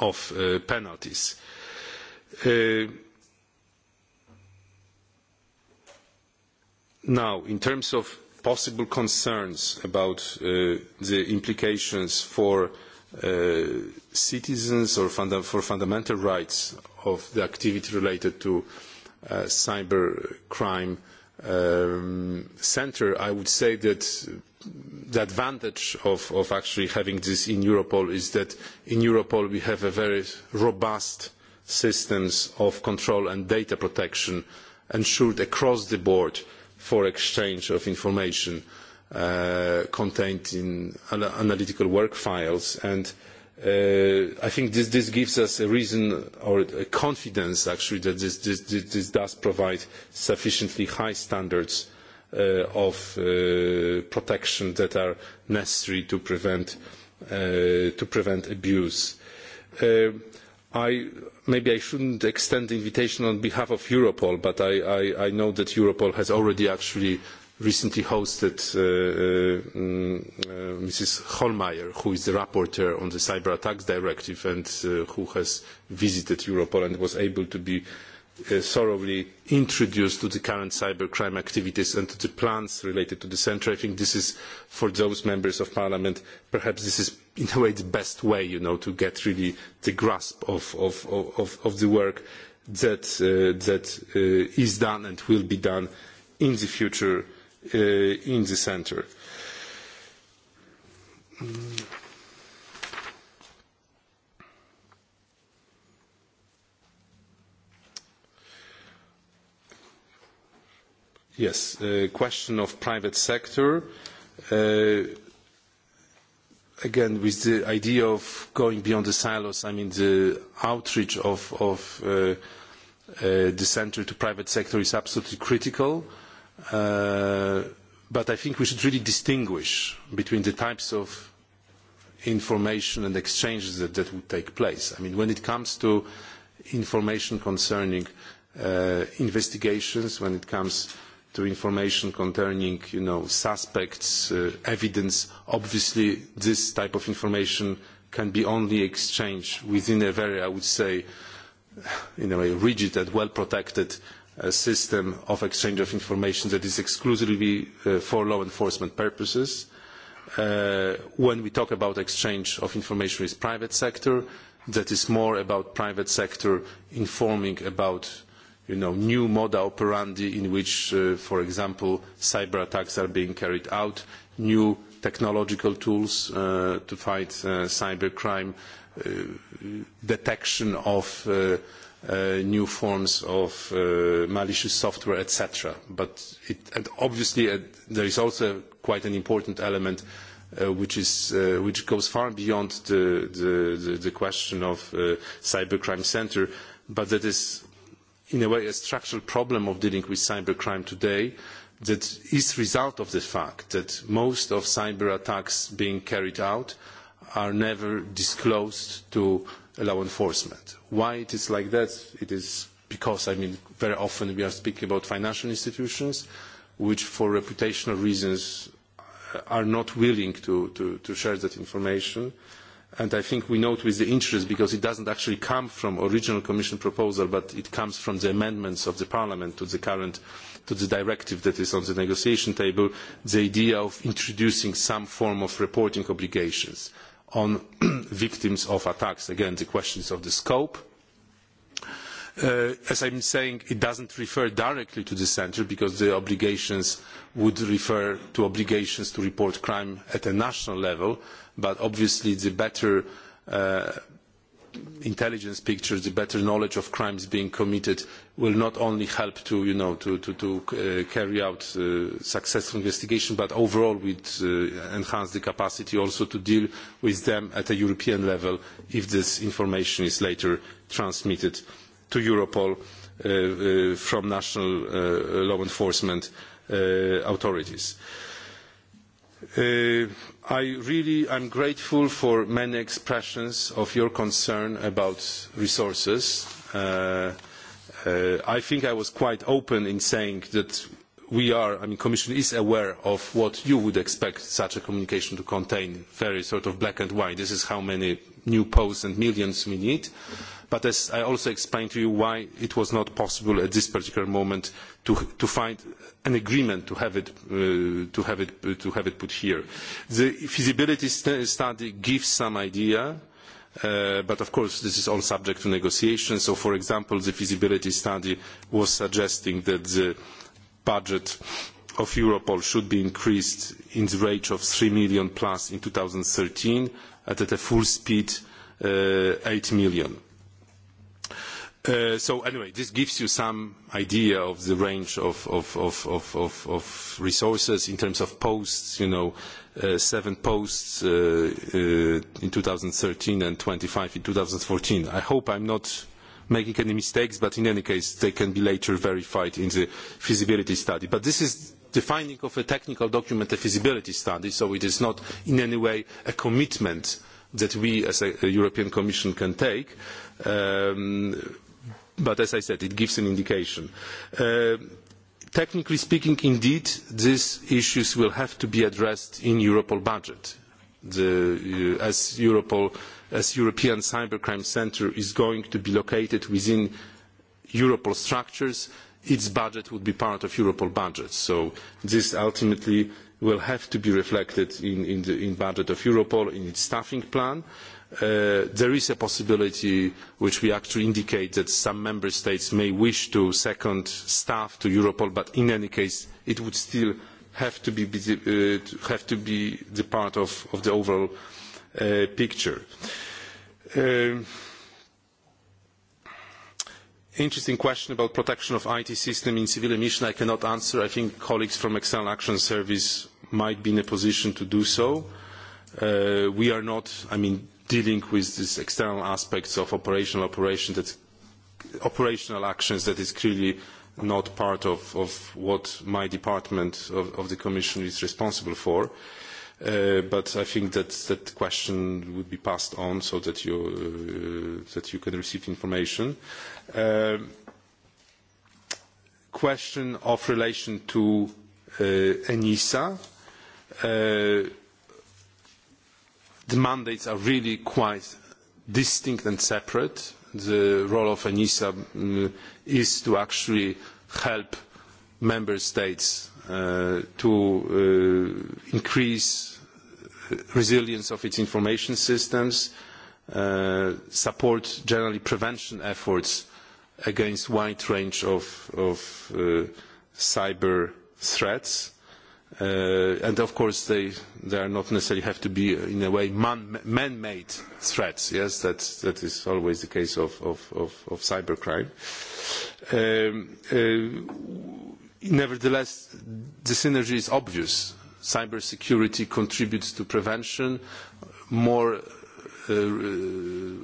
of penalties. Now, in terms of possible concerns about the implications for citizens or for fundamental rights of the activity related to cybercrime, um, center, I would say that the advantage of, of actually having this in Europol is that in Europol we have a very robust systems of control and data protection ensured across the board for exchange of information uh, contained in analytical work files. And, uh, Uh, I think this, this gives us a reason or a confidence actually that this, this, this, this does provide sufficiently high standards uh, of uh, protection that are necessary to prevent, uh, to prevent abuse. Uh, I, maybe I shouldn't extend the invitation on behalf of Europol, but I, I, I know that Europol has already actually recently hosted uh, uh, Mrs. Mm, uh, Holmeyer, who is the rapporteur on the Cyber Attacks Directive and uh, who has visited Europol and was able to be uh, thoroughly introduced to the current cybercrime activities and to the plans related to the centre. I think this is, for those members of Parliament, perhaps this is in a way the best way, you know, to get really the grasp of, of, of, of the work that, uh, that uh, is done and will be done in the future uh, Uh, in the center. Yes, uh, question of private sector. Uh, again, with the idea of going beyond the silos, I mean the outreach of, of uh, uh, the center to private sector is absolutely critical. Uh, Uh, but I think we should really distinguish between the types of information and exchanges that, that would take place. I mean, when it comes to information concerning uh, investigations, when it comes to information concerning, you know, suspects, uh, evidence, obviously this type of information can be only exchanged within a very, I would say, in a way, rigid and well-protected uh, a system of exchange of information that is exclusively uh, for law enforcement purposes. Uh, when we talk about exchange of information with private sector, that is more about private sector informing about you know, new moda operandi in which, uh, for example, cyber attacks are being carried out, new technological tools uh, to fight uh, cyber crime, uh, detection of uh, uh, new forms of uh, malicious software, etc. But it, and obviously, uh, there is also quite an important element uh, which, is, uh, which goes far beyond the, the, the, the question of uh, cybercrime center, but that is, in a way, a structural problem of dealing with cybercrime today that is the result of the fact that most of cyber attacks being carried out are never disclosed to uh, law enforcement. Why is it like that? It is because I mean, very often we are speaking about financial institutions which for reputational reasons uh, are not willing to, to, to share that information. And I think we note with the interest, because it doesn't actually come from original Commission proposal, but it comes from the amendments of the Parliament to the current, to the directive that is on the negotiation table, the idea of introducing some form of reporting obligations on *clears throat* victims of attacks. Again, the question is of the scope. Uh, as I'm saying, it doesn't refer directly to the center because the obligations would refer to obligations to report crime at a national level, but obviously the better uh, intelligence pictures, the better knowledge of crimes being committed will not only help to, you know, to, to, to uh, carry out uh, successful investigation, but overall would uh, enhance the capacity also to deal with them at a European level if this information is later transmitted to Europol uh, uh, from national uh, law enforcement uh, authorities. Uh, I really am grateful for many expressions of your concern about resources. Uh, uh, I think I was quite open in saying that we are, I mean, Commission is aware of what you would expect such a communication to contain, very sort of black and white. This is how many new posts and millions we need. But as I also explained to you why it was not possible at this particular moment to, to find an agreement to have it uh, to have it uh, to have it put here. The feasibility st study gives some idea, uh, but of course this is all subject to negotiation. So, for example, the feasibility study was suggesting that the budget of Europol should be increased in the range of 3 million plus in 2013 at, at a full speed uh, 8 million. Uh, anyway, this gives you some idea of the range of resources in terms of posts, you know, uh, seven posts uh, in 2013 and 25 in 2014. I hope I'm not making any mistakes, but in any case, they can be later verified in the feasibility study. This is the finding of a technical document, a feasibility study, so it is not in any way a commitment that we as a European Commission can take. Um, but as I said, it gives an indication. Uh, technically speaking, indeed, these issues will have to be addressed in Europol budget. The, uh, as Europol, as European Cybercrime Center is going to be located within Europol structures, its budget would be part of Europol budget. So this ultimately will have to be reflected in, in the in budget of Europol, in its staffing plan. Uh, Uh, there is a possibility which we actually indicate that some member states may wish to second staff to Europol, but in any case it would still have to be, uh, have to be the part of, of the overall uh, picture. Uh, interesting question about protection of IT system in civilian mission. I cannot answer. I think colleagues from External Action Service might be in a position to do so. Uh, we are not, I mean, dealing with these external aspects of operational operation that operational actions that is clearly not part of, of what my department of, of the Commission is responsible for. Uh, but I think that that question would be passed on so that you uh, that you can receive information. Uh, question of relation to uh, ENISA. Uh, The mandates are really quite distinct and separate. The role of ENISA um, uh, is to actually help member states uh, to uh, increase resilience of its information systems, uh, support generally prevention efforts against wide range of, of uh, cyber threats, uh, uh, and of course they they are not necessarily have to be uh, in a way man, man made threats yes that that is always the case of of of, of cybercrime um, uh, nevertheless the synergy is obvious cybersecurity contributes to prevention more uh,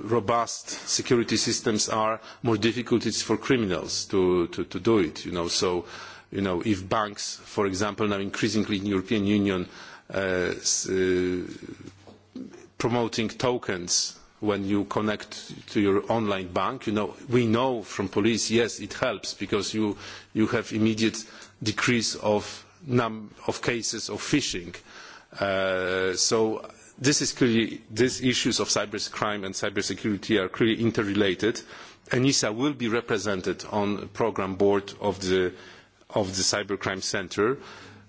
robust security systems are more difficult it's for criminals to, to, to do it you know so uh, you know, if banks, for example, now increasingly in the European Union uh, uh, promoting tokens when you connect to your online bank, you know, we know from police, yes, it helps because you, you have immediate decrease of, num of cases of phishing. Uh, so this is clearly, these issues of cybercrime and cybersecurity are clearly interrelated. ENISA will be represented on the program board of the uh, of the Cybercrime Center.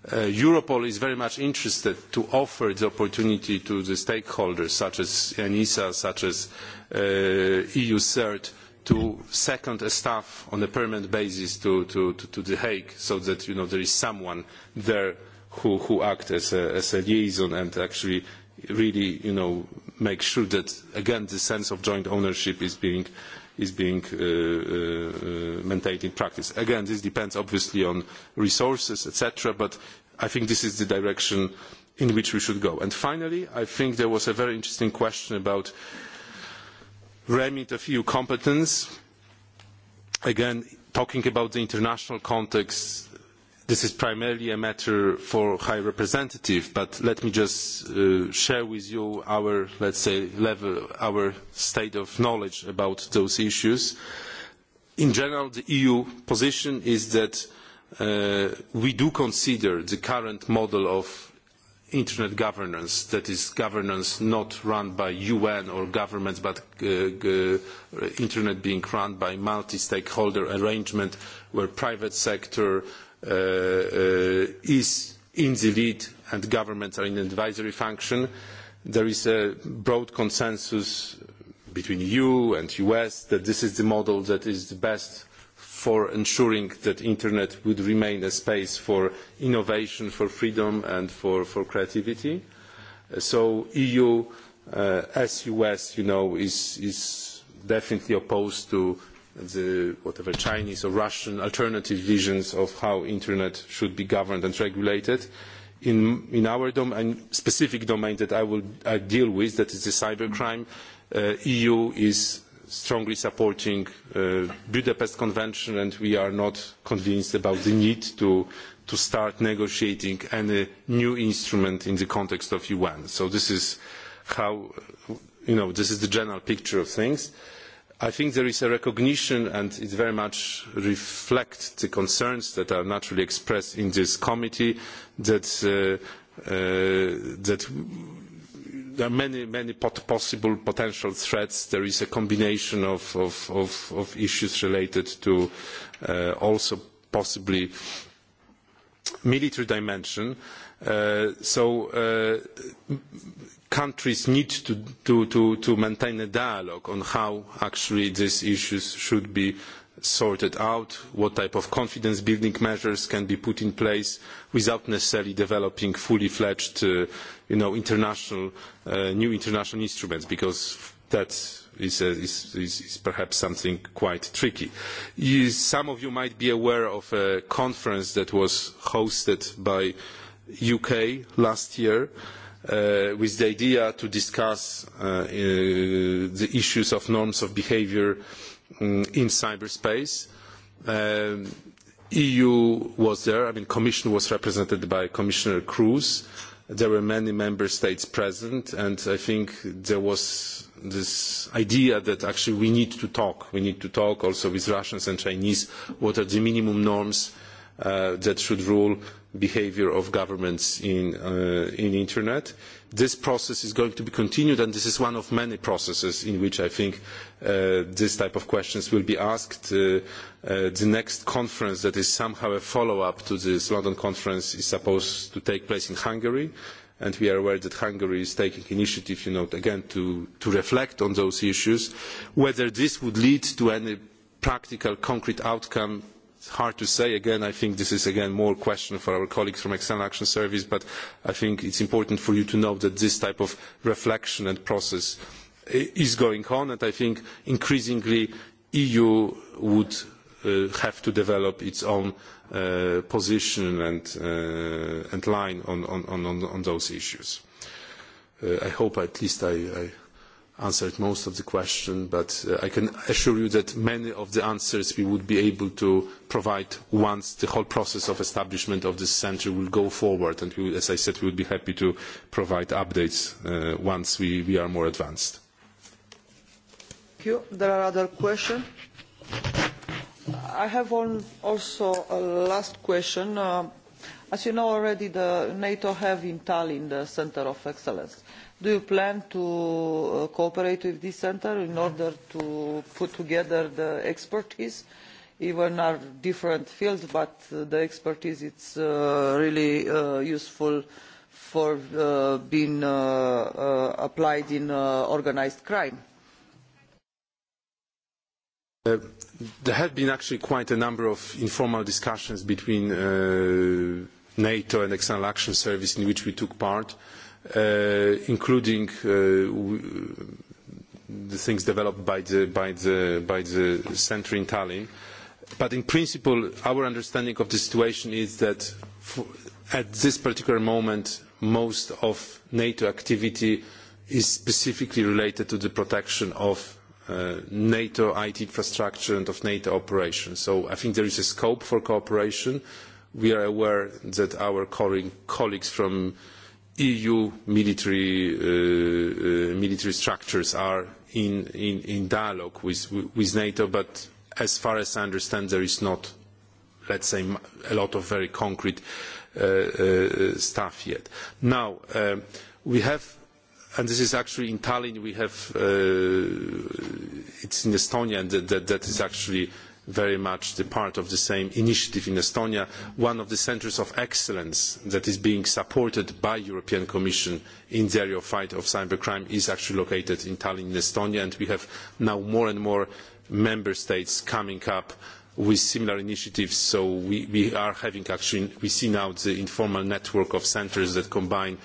Uh, Europol is very much interested to offer the opportunity to the stakeholders such as ENISA, such as uh, EU CERT, to second a staff on a permanent basis to, to, to, to The Hague so that you know, there is someone there who, who act as a, as a liaison and actually really you know, make sure that again the sense of joint ownership is being uh, is being uh, uh, uh, maintained in practice. Again, this depends obviously on resources, etc., but I think this is the direction in which we should go. And finally, I think there was a very interesting question about remit of EU competence. Again, talking about the international context, this is primarily a matter for high representative but let me just uh, share with you our let's say level our state of knowledge about those issues in general the eu position is that uh, we do consider the current model of internet governance that is governance not run by un or governments but uh, uh, internet being run by multi stakeholder arrangement where private sector uh, Uh, uh, is in the lead and governments are in advisory function. There is a broad consensus between EU and US that this is the model that is the best for ensuring that internet would remain a space for innovation, for freedom and for, for creativity. So EU, uh, as US, you know, is, is definitely opposed to the whatever Chinese or Russian alternative visions of how internet should be governed and regulated. In, in our domain, specific domain that I will I deal with, that is the cybercrime, uh, EU is strongly supporting uh, Budapest Convention and we are not convinced about the need to, to start negotiating any new instrument in the context of UN. So this is how, you know, this is the general picture of things. Uh, i think there is a recognition and it very much reflects the concerns that are naturally expressed in this committee that, uh, uh, that there are many, many pot possible potential threats. There is a combination of, of, of, of issues related to uh, also possibly uh, military dimension. Uh, so uh, countries need to, to, to, to maintain a dialogue on how actually these issues should be sorted out, what type of confidence building measures can be put in place without necessarily developing fully fledged uh, you know, international, uh, new international instruments because that's is, a, uh, is, is, is perhaps something quite tricky. You, some of you might be aware of a conference that was hosted by UK last year uh, with the idea to discuss uh, uh, the issues of norms of behavior um, in cyberspace. Um, EU was there, I mean, Commission was represented by Commissioner Cruz. There were many member states present, and I think there was this idea that actually we need to talk. We need to talk also with Russians and Chinese. What are the minimum norms uh, that should rule behavior of governments in uh, in internet? This process is going to be continued, and this is one of many processes in which I think uh, this type of questions will be asked. Uh, uh, the next conference that is somehow a follow-up to this London conference is supposed to take place in Hungary. Uh, we are aware that Hungary is taking initiative you know, again to, to reflect on those issues. Whether this would lead to any practical, concrete outcome, it's hard to say. Again, I think this is again more question for our colleagues from External Action Service, but I think it's important for you to know that this type of reflection and process is going on, and I think increasingly EU would Uh, have to develop its own uh, position and uh, and line on on, on on those issues. Uh, I hope at least I, I answered most of the question, but uh, I can assure you that many of the answers we would be able to provide once the whole process of establishment of this center will go forward. And we, as I said, we would be happy to provide updates uh, once we, we are more advanced. Thank you. There are other questions? I have one also a last question. Uh, as you know already, the NATO have in Tallinn the Center of Excellence. Do you plan to uh, cooperate with this center in order to put together the expertise, even our different fields, but uh, the expertise it's uh, really uh, useful for uh, being uh, uh, applied in uh, organized crime? there have been actually quite a number of informal discussions between uh, NATO and External Action Service in which we took part, uh, including uh, w the things developed by the, by, the, by the center in Tallinn. But in principle, our understanding of the situation is that for, at this particular moment, most of NATO activity is specifically related to the protection of uh, NATO IT infrastructure and of NATO operations. So I think there is a scope for cooperation. We are aware that our colleagues from EU military, uh, uh, military structures are in, in, in dialogue with, with NATO, but as far as I understand, there is not, let's say, a lot of very concrete uh, uh, uh stuff yet. Now, uh, we have and this is actually in Tallinn we have uh, it's in Estonia and that, that, that is actually very much the part of the same initiative in Estonia. One of the centres of excellence that is being supported by European Commission in the area of fight of cybercrime is actually located in Tallinn in Estonia and we have now more and more member states coming up with similar initiatives so we, we are having actually we see now the informal network of centres that combine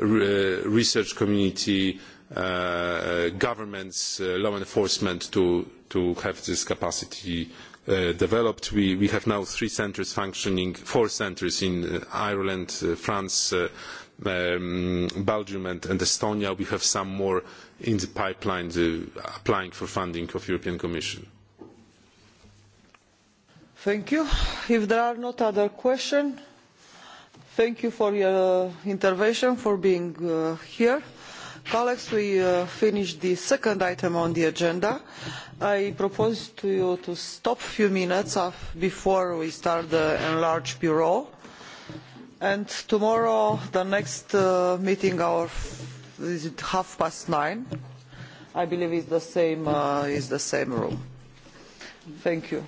Uh, research community, uh, uh, governments, uh, law enforcement to, to have this capacity uh, developed. We, we have now three centres functioning, four centres in uh, Ireland, uh, France, uh, um, Belgium and, and Estonia. We have some more in the pipeline uh, applying for funding of European Commission. Thank you. If there are no other questions, thank you for your uh, intervention for being uh, here. colleagues we uh, finished the second item on the agenda. i propose to you to stop a few minutes before we start the enlarged bureau and tomorrow the next meeting hour is at half past nine. i believe it is the same room. thank you.